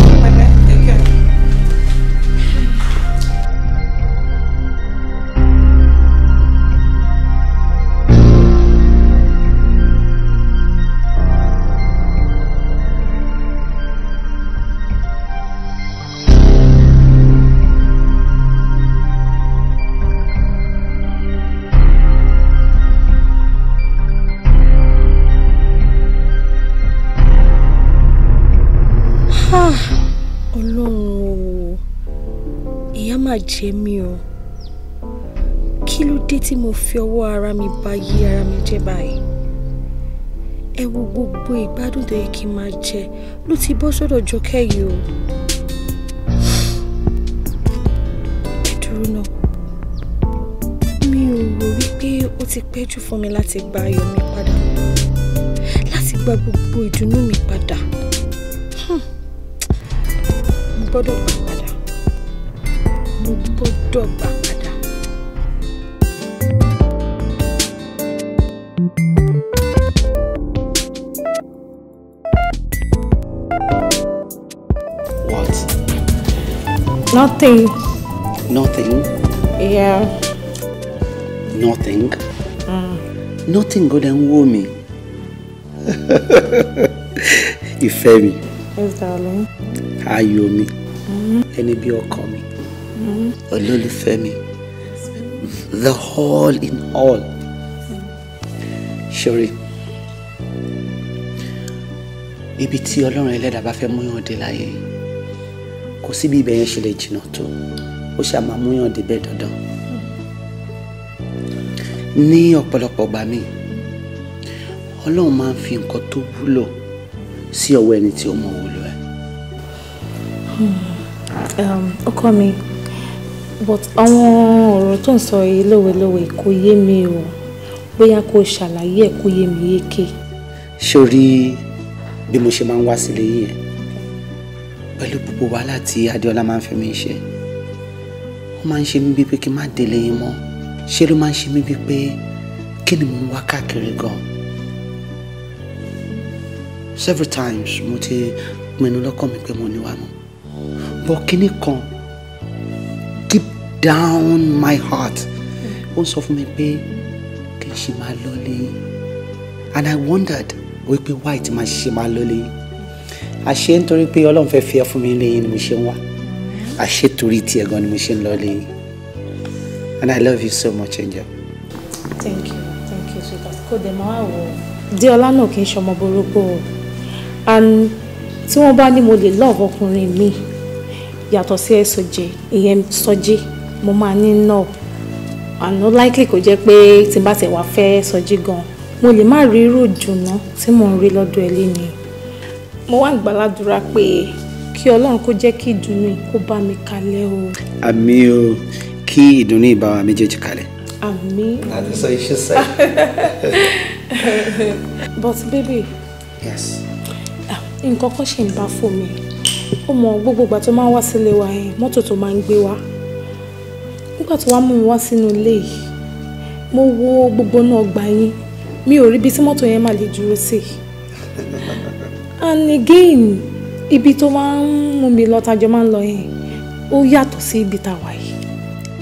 mà jẹ mí o kí ló dé tí mo fi ọwọ́ ara mi bà yí ara mi jẹ́ báyìí ẹ wo gbogbo ìgbádùn tó yẹ kí n máa jẹ ló ti bọ́ sọ́dọ̀ jọkẹ́ yìí o ẹ dúró náà mi ò rò wípé ó ti pẹ́ jù fún mi láti gba ayọ̀ mi padà láti gba gbogbo ìdùnnú mi padà hmm. mo gbọ́dọ̀ gbà mo gbà padà. What? Nothing. Nothing? Yeah. Nothing? Mm. Nothing go dey wo mi. Ìfẹ́ mi. Yes, darling. Ayọ̀ mi. Mm-hmm. Ẹni bí ọkọ olólùfẹ́ mi the all in all ṣòro ibi tí ọlọ́run ẹlẹ́dàá bá fẹ́ múyàn dé láyé kò síbi ibẹ̀ yẹn ṣe lè jìnnà tó ó ṣáà máa múyàn débẹ̀ dandan ní ọ̀pọ̀lọpọ̀ gbà mí ọlọ́run máa ń fi nǹkan tó wúlò sí ọwọ́ ẹni tí ó mọ wúlò ẹ̀. Hmm. Um, ọkọ mi but àwọn ọ̀rọ̀ tó ń sọ yìí lówelówe kò yé mi o bóyá kó ṣàlàyé ẹ̀ kó yé mi yéké. sórí bí mo ṣe máa ń wá sílé yìí yẹn pẹ̀lú gbogbo wàhálà tí Adéọlá máa ń fi mí ṣe ó máa ń ṣe mí bíi pé kí n má délé yín mọ́ ṣé ló máa ń ṣe mí bíi pé kí ni mo ń wá káàkiri gan several times mo ti pinnu lọ́kàn mi pé mo ní wa mọ́ bọ́ kínní kan down my heart ó sọ fún mi pé kí n ṣe máa lọlé and I wondered wípé why ti máa ṣe máa lọlé àṣé nítorí pé ọlọ́run fẹ́ fi ẹ́ fún mi lẹ́yìn ni mo ṣe ń wá àṣé torí tiẹ̀ gan ni mo ṣe ń lọ and I love you so much angel. thank you thank you sweetheart kò dé máa wọ. Déọlá náà kì í ṣọmọ burúkú o and tí wọ́n bá ní mo lè lọ́ọ̀bù ọkùnrin mi yàtọ̀ sí ẹ̀ sọ́jẹ́ ìyẹn sọ́jẹ́ mo máa ní no àná likely kò jẹ́ pé tí n bá tẹ̀ wá fẹ́ sọjí gan mo lè má rí irú ìdùnnú tí mò ń rí lọ́dọ̀ ẹ lẹ́ni mo wá gbàládùra pé kí ọlọ́run kó jẹ́ kí ìdùnnú kó bá mi kalẹ̀ o. àmì o kí ìdùnnú ìbá wa méjèèjì kalẹ̀. àmì. àti sọ iṣẹ́ sẹ́yìn. but baby. yes. nǹkan kan ṣì ń bá fò mí ó mọ gbogbo ìgbà tó máa ń wá sílé wa yẹn mọ́tò tó máa ń gbé wa nígbà tó wá mú mi wá sínú ilé yìí mo wo gbogbo náà gbà yín mi ò rí ibi tí mọ́tò yẹn mà lè dúró sí and again ibi tó máa ń mú mi lọ tajọ máa ń lọ yẹn ó yàtọ̀ sí ibi tá a wà yìí.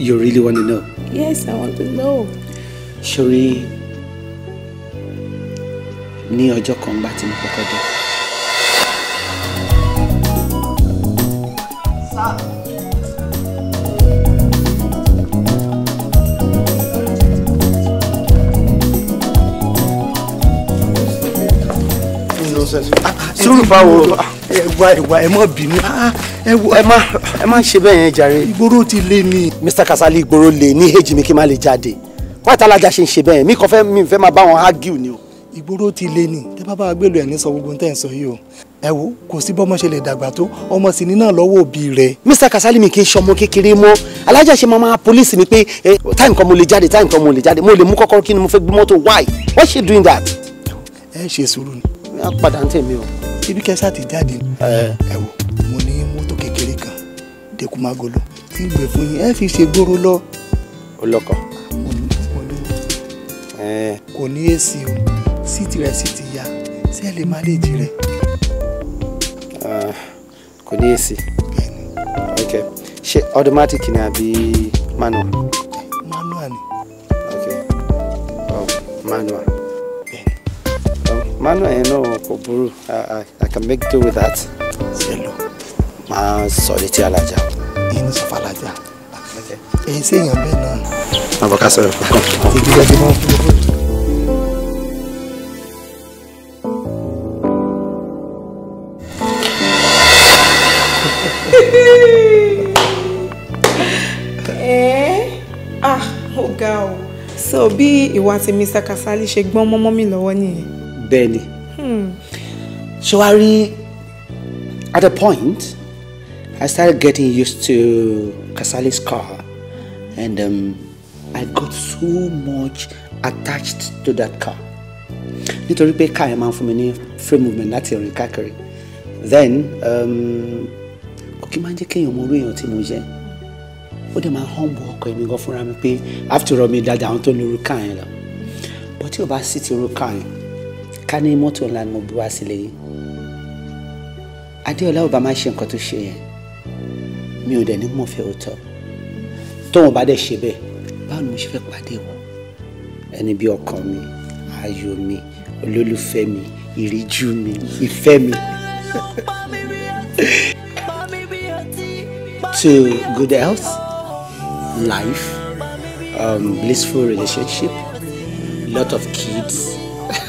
You really want to know? Yes, I want to know. ṣorí ní ọjọ́ kan bá ti mú kọ́kọ́ dé. sùúrù báwo ẹ wá ẹ ẹ má bínú. Ah, ah, ẹ ẹ má ṣe bẹ́ẹ̀ yẹn jàre. ìgboro ti lé ni. Mr. Kasali ìgboro lè ní èjì mi kí n má lè jáde wọ́n àti alájà ṣe ń ṣe bẹ́ẹ̀ mi kàn fẹ́ mi fẹ́ máa bá wọn ágìl ni o. ìgboro ti lé ni tẹ bá bá gbèlú ẹ ní sọ gbogbo tẹ sọ yìí o ẹ wo kò sí bọ́mọ ṣe lè dàgbà tó ọmọ sì ní náà lọ́wọ́ òbí rẹ̀. Mr. Kasali mi kì í ṣọmọ kékeré mọ́ alájà ṣe máa máa polisi mi pé táyì nǹkan mo lè jáde táyì nǹkan mo lè jáde mo lè mú kọ́kọ́rọ́ kí ni mo fẹ́ gbé mọ́tò why why she doing that. ẹ ṣe sùúrù ni. a padà ń tẹ̀ mí o ṣebí kẹsà ti jáde ẹ wò mo ní mọ́tò kékeré kan dekumagolo tí ń gbé fún yín ẹ fi ṣe gbòòrò lọ. olọkọ. kò ní èsì o síìtì rẹ sì ti ya ṣé ẹ lè jí rẹ. kò ní èsì ok ṣe automatic ni àbí manual. manual ni. ok oh, manual manú yẹn eh, náà kò burú i can make do with that. ṣèlú. máa sọ létí alájà. inú sọ fàlájà. èyí eh, sèèyàn bẹ́ẹ̀ náà. àbọ̀ká sọ̀rọ̀ fún un. ìdílé ti máa ń fún so bí ìwà tí Mr. Kasali ṣe gbọ́n mọ́mọ́ mi lọ́wọ́ nìyẹn bẹ́ẹ̀ ni ṣé wàá rí at a point I started getting used to Kasali's car and um, I got so much attached to that car nítorí pé káyọ̀ máa ń fún mi ní free movement láti rìn káàkiri then um, kò kí máa ń jẹ́ kéèyàn mọ orí èèyàn tí mo yẹ ó dẹ̀ máa ń humble ọkọ mi gan fúnra mi pé after all mi dáadáa àwọn tó ní irú káyọ̀ lọ but tí o bá sì ti irú káyọ̀ ká ní mọ́tò ńlá ni mo bí wá sílé yìí adéọlá ò bá má ṣe nǹkan tó ṣe yẹn mi ò dẹ̀ ní mọ̀ fẹ́ òótọ́ tóun bá dẹ̀ ṣe bẹ́ẹ̀ báwo ni mo ṣe fẹ́ pàdé wọ ẹni bí ọkàn mi ayọ̀ mi olólùfẹ́ mi ìríjú mi ìfẹ́ mi. to good health life um, blissful relationship lot of kids.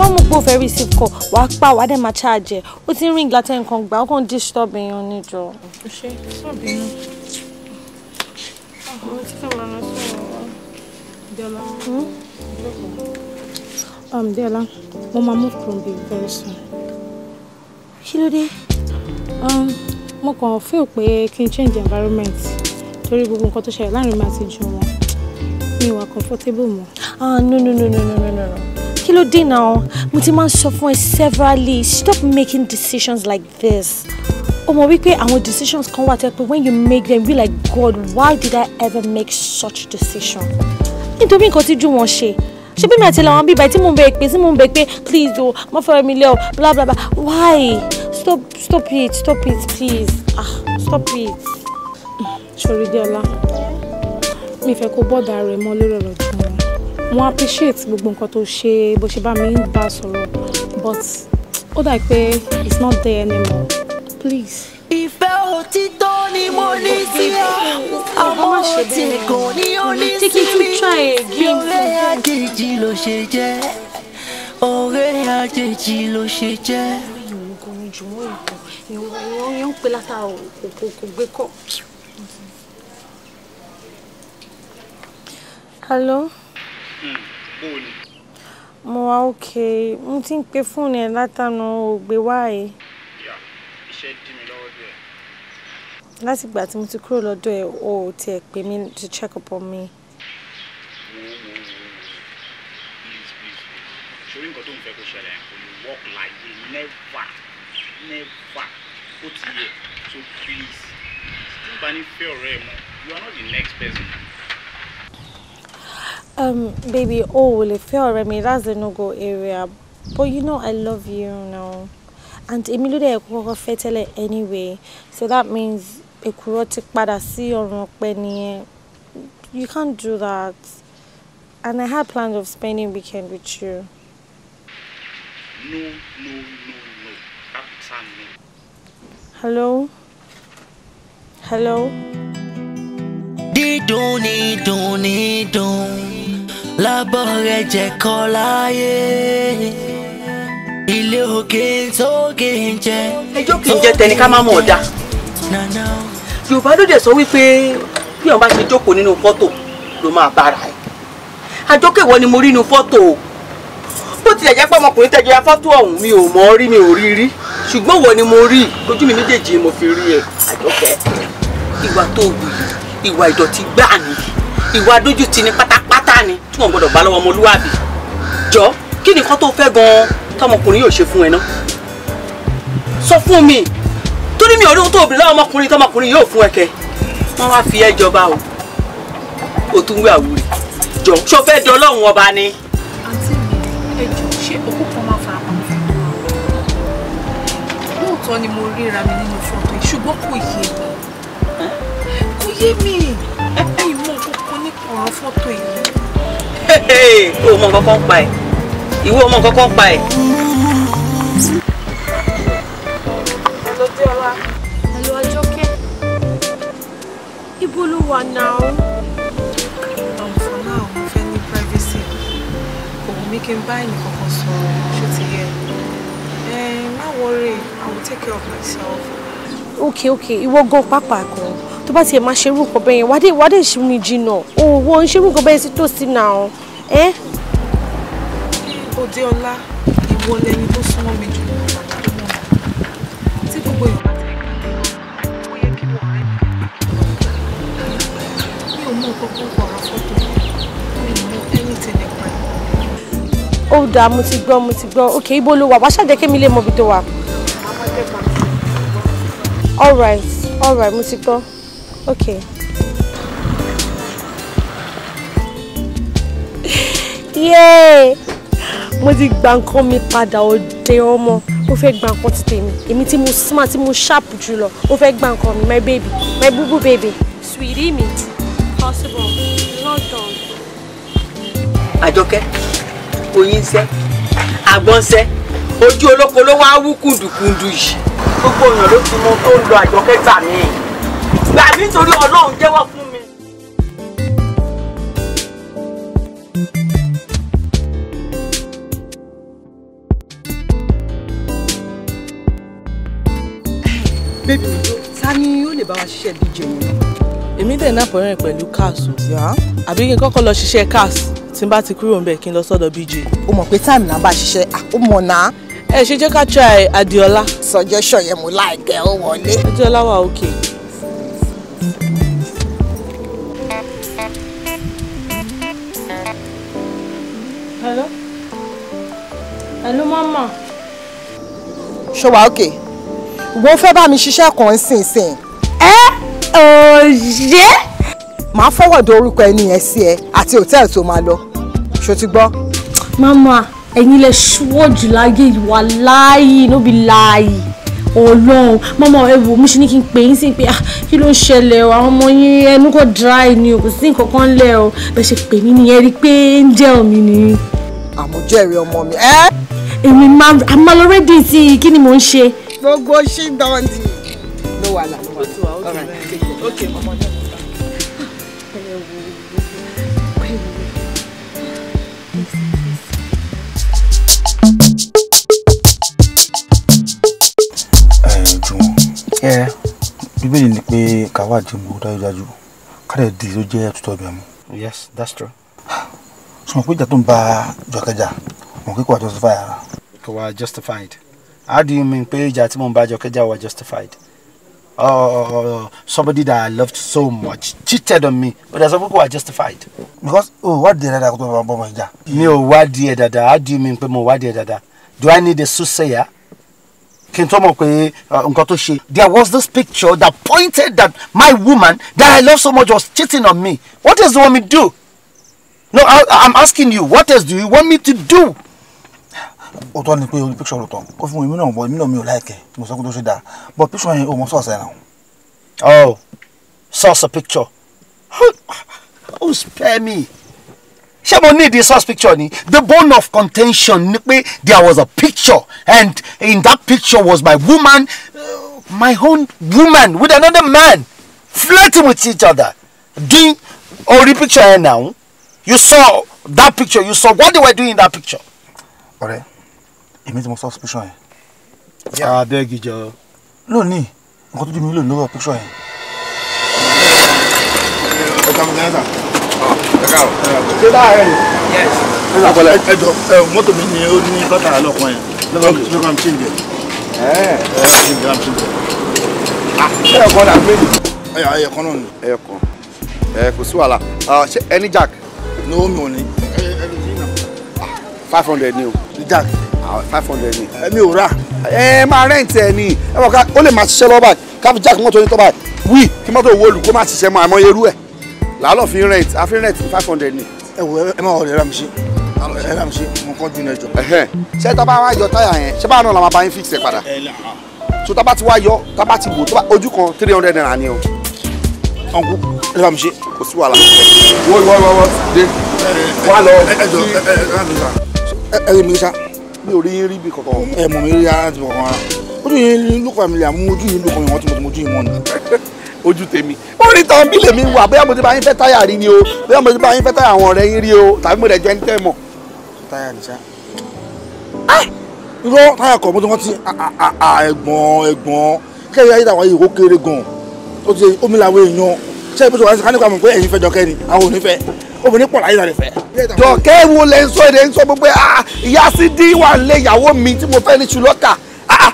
bá mọ̀ pé o fẹ́ receive call wàá pa wàá dẹ̀ máa charge ẹ̀ ó ti ń ring látẹ̀ nǹkan gbà ó kàn disturb èèyàn níjọ. ṣé sọ́bìnrin àwọn tí kò máa lọ sí hmm? um, mo máa move from the very soon. kí ló dé? Um, mo kàn feel pé kí n change environment torí gbogbo nǹkan tó ṣẹlẹ̀ láàrin mi àti jù wọn mi wà comfortable mọ́. ah no no no no no no no. no kí ló dé náà mo ti máa ń sọ fún ẹ severally stop making decisions like this o mọ̀ wípé àwọn decisions kan wà tẹ́ when you make them be like God why did I ever make such decision nítorí nǹkan tí ju wọn ṣe ṣe bí mi àti làwọn bíbá tí mò ń bẹ pé tí mò ń bẹ pé please o má fẹ́rẹ̀ mi lé o bla bla bla why stop stop it stop it please ah stop it. ṣòrí díẹ̀ ọlá mi fẹ́ kó bọ́ọ̀dà rẹ̀ mọ́ lórí ọ̀rọ̀ jùmọ̀ mo appreciate gbogbo nǹkan tó ṣe bó ṣe bá mi ń bá sọ̀rọ̀ but ó dà pé it's not there anymore please. ìfẹ́ òtítọ́ ni mo ní sí ọ àmọ́ òtí kan ni ó ní sí mi bí ọ̀rẹ́ àjèjì ló ṣe jẹ́ ọ̀rẹ́ àjèjì ló ṣe jẹ́. hello mo wà òkè mo ti ń pe fóònù ẹ látànà ò gbé wáyé. iṣẹ́ dí mi láti ìgbà tí mo ti kúrò lọ́dọ̀ ẹ̀ o ò tiẹ̀ pè mí to check up on me. never never so please you are not the next person. um baby oh will feel. I mean that's the no-go area but you know I love you now and Emilude Ekuro Fetele anyway so that means Ekuro Tikpada see or you can't do that and I had plans of spending weekend with you no no no no Captain hello hello they don't need don't need don't lábọ̀ rẹ̀ jẹ́ kọ́ láyé ilé òkè sókè ń jẹ. ẹjọ́ kì í jẹ́ tẹni ká má mọ̀ ọ́ yorùbá ló dẹ̀ sọ wípé bí wọn bá ṣe jókòó nínú fọ́tò ló máa bára ẹ̀ àjọkẹ́wọ́ ni mo rí inú fọ́tò o bó tilẹ̀ jẹ́ pé ọmọkùnrin tẹ̀jọ́ ya fọ́tò ọ̀hún mi ò mọ̀ rí mi ò rí rí ṣùgbọ́n ìwọ ni mo rí lójú mi méjèèjì mo fi rí ẹ àjọkẹ́ ìwà tó wù ìwà ìdọ̀tí gbáà ni ìwà dójú tì ní pátá náà gbọ́dọ̀ gbà lọ́wọ́ ọmọlúwàbí jọ kí nìkan tó fẹ́ gan-an tọmọkùnrin yóò ṣe fún ẹ ná sọ fún mi torí mi ò rí ohun tó obìnrin láwọn ọmọkùnrin tọmọkùnrin yóò fún ẹ kẹ wọn wá fi ẹ jọba o o tún wí àwúrè jọ ṣó fẹ́ di ọlọ́run ọba ni. àǹtí mi ẹ jù ṣé òkú kan máa fa àwọn ọmọ lóòótọ́ ni mo ríra mi nínú fọ́tò yìí ṣùgbọ́n kò yé mi kò yé mi ẹ̀yin mọ̀ kókó nípa ọ̀rọ̀ fọ́tò yìí o mọ nǹkan kan pa ẹ ìwé o mọ nǹkan kan pa ẹ. Hello Ajoke ibo ló wà náà. Um, for now mo fẹ́ privacy kò wù mí kí n bá ẹnìkankan sọ̀rọ̀ ṣé ti eh, worry I will take care of myself ok ok ìwọ gan pápá kan tó bá tiẹ̀ máa ṣe irú nǹkan bẹ́yẹn wàá dé wàá dé ṣe mi jìnnà òwò ń ṣe irú nǹkan bẹ́yẹn sí tòsí náà ẹ́. òde ọlá ìwọ lẹni tó súnmọ́ mi jù tí gbogbo ìgbà tí ó yẹ kí wọ́n rẹ́ mi ò mú kókó pọ̀ àwọn mi ò mú anything nípa ẹ̀. ó dáa mo ti gbọ́ mo ti gbọ́ ok ibo ló wà wá ṣàjẹ́kẹ́mi lè mọ ibi tó wà all right all right mo okay. yay mo ti gba nǹkan mi padà òde ọmọ ó fẹ́ gba nǹkan ti tèmi èmi tí mo smart tí mo sharp jùlọ ó fẹ́ gba nǹkan mi my baby my bubu baby. sweetie mi possible not done. àjọkẹ́ oyin ń sẹ́ àgbọ̀n ń sẹ́ ojú olóko ló wá wú kùndùkùndù yìí gbogbo èèyàn ló ti mọ tó ń lo àjọkẹ́gbà mi gbà mí nítorí ọlọ́run jẹ́wọ́ fún mi. bébí ta ni ó lè bá wa ṣiṣẹ́ díje mi. èmi dẹ̀ náà pẹ̀rẹ̀ pẹ̀lú káàsù àbí kí n kọ́kọ́ lọ ṣiṣẹ́ káàsù tí n bá ti kúrò ń bẹ̀ kí n lọ sọ́dọ̀ bíje. o mọ̀ pé táìmù náà bá ṣiṣẹ́ àkómọ̀ náà ẹ ṣe jẹ́ ká try Adiola. suggestion yẹn mo like ẹ ó wọlé. Adiola wà òkè. hello hello mama. ṣé wàá òkè wọ́n fẹ́ bá mi ṣiṣẹ́ kan sínsìn. ẹ ò yé. màá fọwọ́dọ̀ orúkọ ẹni yẹn sí ẹ àti hòtẹ́ẹ̀lì tó máa lọ ṣó ti gbọ́. mama ẹ̀yin lẹ ṣíwọ́jù láyé ìwà láàyè níbi láàyè ọlọ́run mọ́mọ́ ẹ wò mo ṣe ní kí n pè yín sí pé ah, kí ló ń ṣẹlẹ̀ o àwọn ọmọ yín ẹnu kò dry ni o kò sí nǹkan kan lẹ̀ o bẹ́ẹ̀ ṣe pè mí nìyẹn rí i pé ń jẹ́ omi ni. àmójẹ́rì ọmọ mi. èmi máa máa lọ rédí sí i kí ni mò ń ṣe. gbogbo ṣì ń dán ni. ló wà lálẹ́ wà tó wà ó kì í bẹ́ẹ̀ ok ọmọ náà. ẹ bíbélì ni pé káwá àdìmú dájúdájú káàdì di ló jẹ́ tútọ́ ọdún ẹ̀mú. yes that's true. sọmọ pé ìjà tó ń ba jọkẹjà wọn kí kò wá justify ara. kò wá justified how do you mean pé ìjà tí mò ń bá jọkẹjà wà justified oh, oh, oh, oh, somebody that I loved so much cheated on me but as a people who are justified. because oh, what did ẹ dada kó tó bá bọ́ ọmọ ìjà. mi ò wá di how do you mean pé What did di ẹ do I need a soothsayer kí n tó mọ̀ pé uh, nǹkan tó ṣe there was this picture that pointed that my woman that I love so much was cheating on me what else do you want me to do no I, I'm asking you what else do you want me to do. òótọ́ ni pé o ní picture òótọ́ kó fún mi èmi náà bọ̀ èmi náà mi ò láìkẹ́ mo sọ pé tó ṣe dáa but picture yẹn o mọ sọ́ọ̀sì náà. oh source a picture oh spare me. ṣé this was picture ni the bone of contention there was a picture and in that picture was my woman uh, my own woman with another man flirting with each other doing only picture now you saw that picture you saw what they were doing in that picture. ọ̀rẹ́ it ti mo suspicion. Yeah, yẹn. abeg ijọ. lónìí nǹkan tó dùn mí lónìí ló wọ picture yẹn. ọ̀gá mi kẹ́hìn oga mi ṣé láàárẹ̀ ni. àpàlà ẹjọ mọ́tò mi ni ó ní bàtà lọ́kàn yẹn lọ́kàn mi ṣì ń jẹ. ẹ̀ẹ̀kan náà pé. ẹ̀ẹ̀kan náà ni. ẹ̀ẹ̀kan ẹ̀ kò sí wàhálà ṣé ẹni jack. ní omi ò ní. five hundred ni o. jack five hundred ni. ẹ̀mí ò rà. ẹ máa rẹ́ǹtì ẹ̀ ni ẹ wọ́n ká ó lè máa ṣiṣẹ́ lọ́wọ́ báyìí káfí jack mọ́tò ní tọ́ báyìí wí kí mọ́tò wọ́ọ̀lù kó máa ṣiṣẹ́ mọ́ àmọ́ irú làálọ̀ fi rent a fi rent five hundred ni. ẹ wo ẹ máa ọ̀rẹ́ ra mi ṣe ẹ ra mi ṣe mo kàn ju nẹjọ. ṣé tá a bá wá yọ táyà yẹn ṣé báwa náà la máa bá yín fix ẹ padà so tá a bá ti wá yọ tá a bá ti wò tó bá ojú kan three hundred naira ni o. ọ̀nkú ẹ ra mi ṣe. kò sí wàhálà. wọ́n wọ́n wọ́n dé wà lọ sí. ẹ rí mi sá. mi ò rí yín rí bí kankan. ẹ mọ̀ mi rí ara ti bọ̀ kan ara ojú yín lùkọ̀ mi lè ojú yín lùkọ̀ mi wọ́n ti mọ̀ ojú tèmi orin tàn bí lèmi wà bóyá mo ti bá yín fẹ́ táyà rí ni o bóyá mo ti bá yín fẹ́ táyà àwọn ọ̀rẹ́ yín rí o tàbí mo rẹ̀ jọ ẹni tẹ́ mọ̀ táyà nìṣá. Ah! irọ́ táyà kọ̀ mo ti rántí ah, ah, ẹ̀gbọ́n ẹ̀gbọ́n kẹ́rin ayé tàwọn ìhó kéré gan-an ó ti omi làwọn èèyàn ṣé ibi tó wá sí káníkà mọ̀ pé ẹ̀yin fẹ́ jọkẹ́ ni àwọn ò ní fẹ́ obìnrin pọ̀ láyé rẹ̀ jọ̀kẹ́ wo lẹ ń sọ èdè ń sọ gbogbo ìyá sí dí wà lé ìyàwó mi tí mo fẹ́ ní ṣùlọ́kà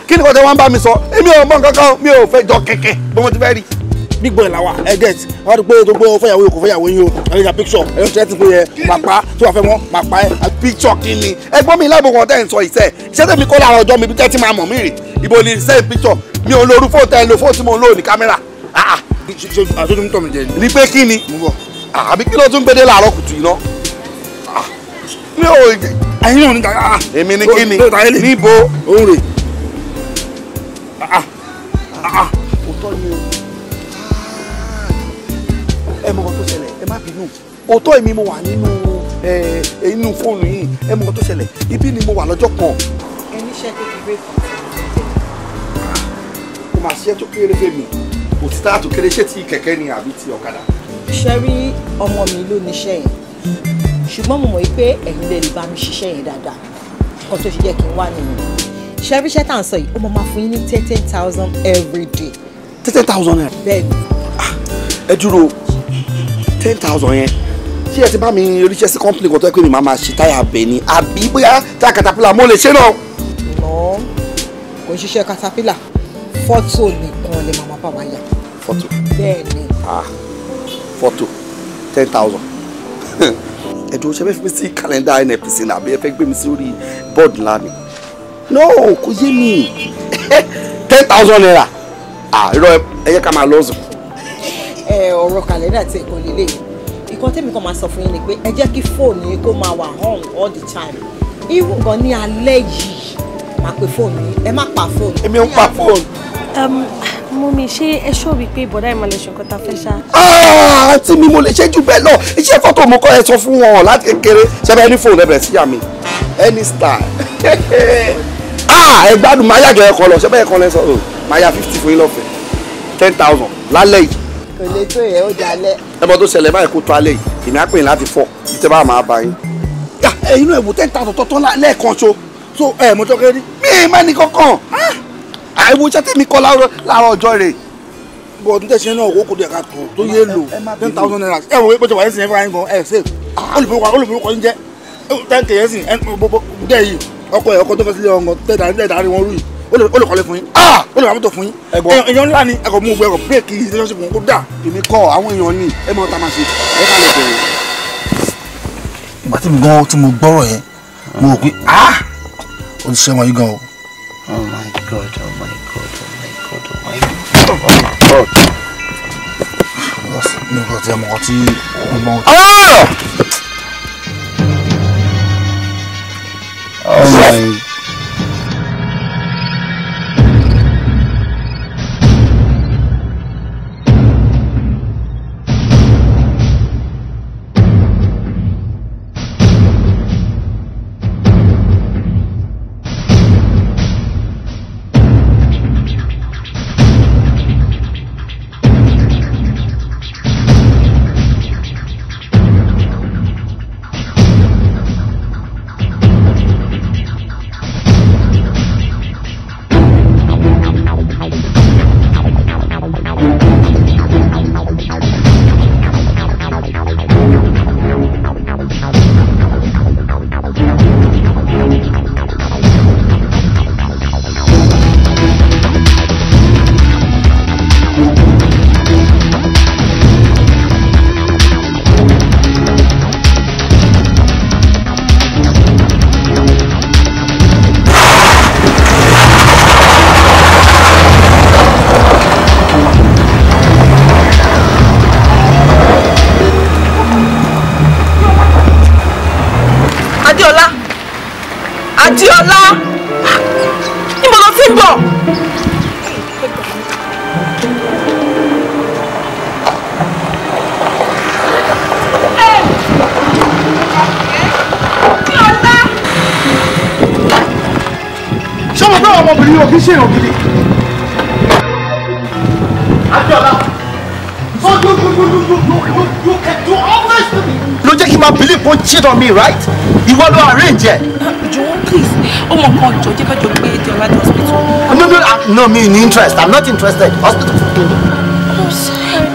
kí ni kò tẹ́ wọ́n bá mi sọ èmi ò mọ̀ nǹkan kan mi ò fẹ́ jọ kẹ̀kẹ́ bí mo ti fẹ́ rí big boy la wa. ẹ get wọ́n ti pé gbogbo fẹ́yàwó yòókù fẹ́yàwó yín o ẹ̀rọ ìjà picture ẹ̀rọ ìjà tìpé yẹ màpá tó wà fẹ́ mọ́ màpá ẹ̀. picture kìíní ẹgbọ́n mi láàbò kan tẹ́ ń sọ ìṣe iṣẹ́ tẹ̀mí kọ́ láàárọ̀ ọjọ́ mi bí tẹ́ ti máa mọ̀ mí rè ibo ni same picture mi ò lóru fóònù tẹ́ ń lo fóònù tí mo ń lò ní kámẹ́rà ah, ah. àṣojú mi tọ̀ mí jẹ ni pé kí ni ah, àbí kí ló tún gbédé láàárọ̀ kùtù iná mi ò ẹyin ò ní ta èmi ni kí ni níbo òun rè òótọ́ ni o ẹ mọ̀ nǹkan tó ṣẹlẹ̀ ẹ má bínú òótọ́ èmi mo wà nínú inú fóònù yìí ẹ mọ̀ tó ṣẹlẹ̀ ibi ni mo wà lọ́jọ́ kan. ẹ níṣẹ́ kékeré kan. kò máa ṣe é tó kéré fèmí kò ti táàtò kéré ṣé ti kẹ̀kẹ́ ni àbí ti ọ̀kadà. ṣe rí ọmọ mi ló níṣẹ́ yẹn ṣùgbọ́n mo mọ̀ pé ẹ̀yin lè bá mi ṣiṣẹ́ yẹn dáadáa kan tó ṣe jẹ́ kí n wá nìyẹn ṣe rí iṣẹ́ tá à ń sọ yìí ó mọ̀ máa fún yín ní ten thousand every day. ten thousand naira. bẹ́ẹ̀ni. Ah, ẹ dúró ten thousand yẹn ṣé ẹ ti bá mi ríṣẹ́ sí company kan tó yẹ pé mi máa máa ṣe táyà bẹ̀ ni àbí bóyá táyà katapila mo lè ṣe náà. lọ kò ń ṣiṣẹ́ katapila fọ́tò nìkan lè máa bá wa yà. fọ́tò bẹ́ẹ̀ ni. fọ́tò ah, ten thousand ẹ̀dùn ṣe fẹ́ fi mí sí kàlẹ́ndà nnpc náà àbí ẹ fẹ́ gbé mi sórí bọ́ọ̀dù lánàá no kò yé mi ten thousand naira ah irọ́ ẹ yẹ ká máa lọ́sùn ọ̀rọ̀ kàlẹ́dà tí ẹ̀kan lélẹ̀ yìí ìkan tẹ́mi kan máa sọ fún yín ni pé ẹ jẹ́ kí fóònù yín kó máa wà on all the time even gan ní alẹ́ yìí máa pe fóònù yín ẹ má pa fóònù. èmi ń pa fóònù. mummy ṣé ẹ ṣọ́ wípé bọ̀dá ẹ̀ máa lè ṣọ̀kan ta fẹ́ ṣá. àǹtí ah, mi mo lè ṣe jù bẹ́ẹ̀ lọ iṣẹ́ fọ́tò mo kọ́ ẹ sọ fún wọn láti kékeré ṣẹ́fẹ́ ẹni fóònù ẹ bẹ̀rẹ̀ sí yà mí any star ah, ẹ gbádùn máa yàgẹ̀ ẹ̀kọ́ lọ ṣẹ́fẹ́ ẹ̀kọ́ lẹ́sọ̀ máa yà fifty fún yín lọ́fẹ̀ẹ́ ten thousand lálẹ́ yìí kò lè tó yẹ ó dalẹ̀. ẹ mọ tó ṣẹlẹ̀ báyìí kó tó alẹ́ yìí èmi á pè yín láti fọ bí tẹ bá máa bá yín. inú ẹ̀wù ten thousand tọ́tọ́ lẹ́ẹ̀kan ṣo so ẹ̀ mo jọ kẹ́rin mi ì má ní kankan àìwò iṣẹ́ tèmi kọ́ láàárọ̀ ọjọ́ rẹ̀ bọ̀ ọdún tẹ̀sí náà owó kò dé ẹ̀ka tó tó yé lò ten thousand naira ẹ̀ wò ó pẹ̀tẹ̀ wáyé sí ẹ̀ fún ayé gan ẹ̀ ṣe olùfowópamọ́ yín jẹ́ ten kẹ̀yẹ́sì ẹ̀ bọ́ bọ́ dẹ́ yìí ọkọ̀ ẹ̀ ọkọ̀ tó fẹ́ sílẹ̀ ọ̀ngàn tẹ̀dá ní tẹ̀dá ní wọ́n rú yìí ó fún yín ah! ó lè wà fún yín èèyàn ńlá ni ẹ̀kọ́ mú gbẹ̀rọ bírèkì relationship wọn kó dà èmi kọ́ àwọn èèyàn ni ẹ máa ta máa ṣe ẹ ká lè bẹ̀rẹ̀. ìgbà tí mo gan tí mo gbọ́rọ̀ yẹn mo rò pé ah ó ti ṣe gan o. oh my god oh my god oh my god oh my god oh my god. mi ò tí ẹ mọ̀ ọtí ah! oh my on me right You want to arrange it? jọ̀wọ́ please Oh my God, jọ you ká jọ pé di ọ̀la di hospital. no no ah, no me in interest i'm not interested hospital for me. i'm sorry.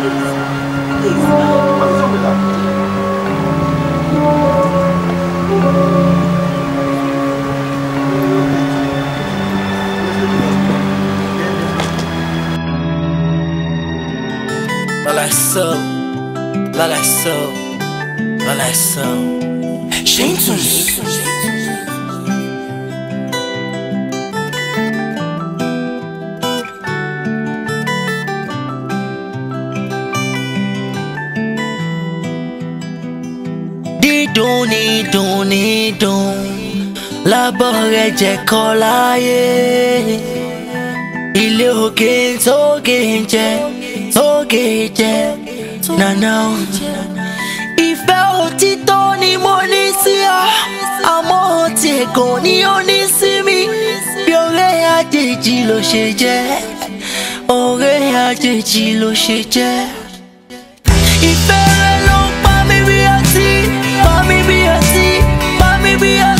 la la so, la la so, la la so. Gentes. dídùn ni dùn ni dùn lábọ̀ rẹ̀ jẹ́ kọ́ láyé ilé òkè tókè jẹ́ tókè jẹ́ nàná. sí ọ àmọ́ tẹ̀gàn ni ó ní sí mi bí ọ̀rẹ́ àjèjì ló ṣe jẹ́ ọ̀rẹ́ àjèjì ló ṣe jẹ́. ìfẹ́ rẹ ló ń pa mí bí ọtí pa mí bí ọtí pa mí bí ọtí.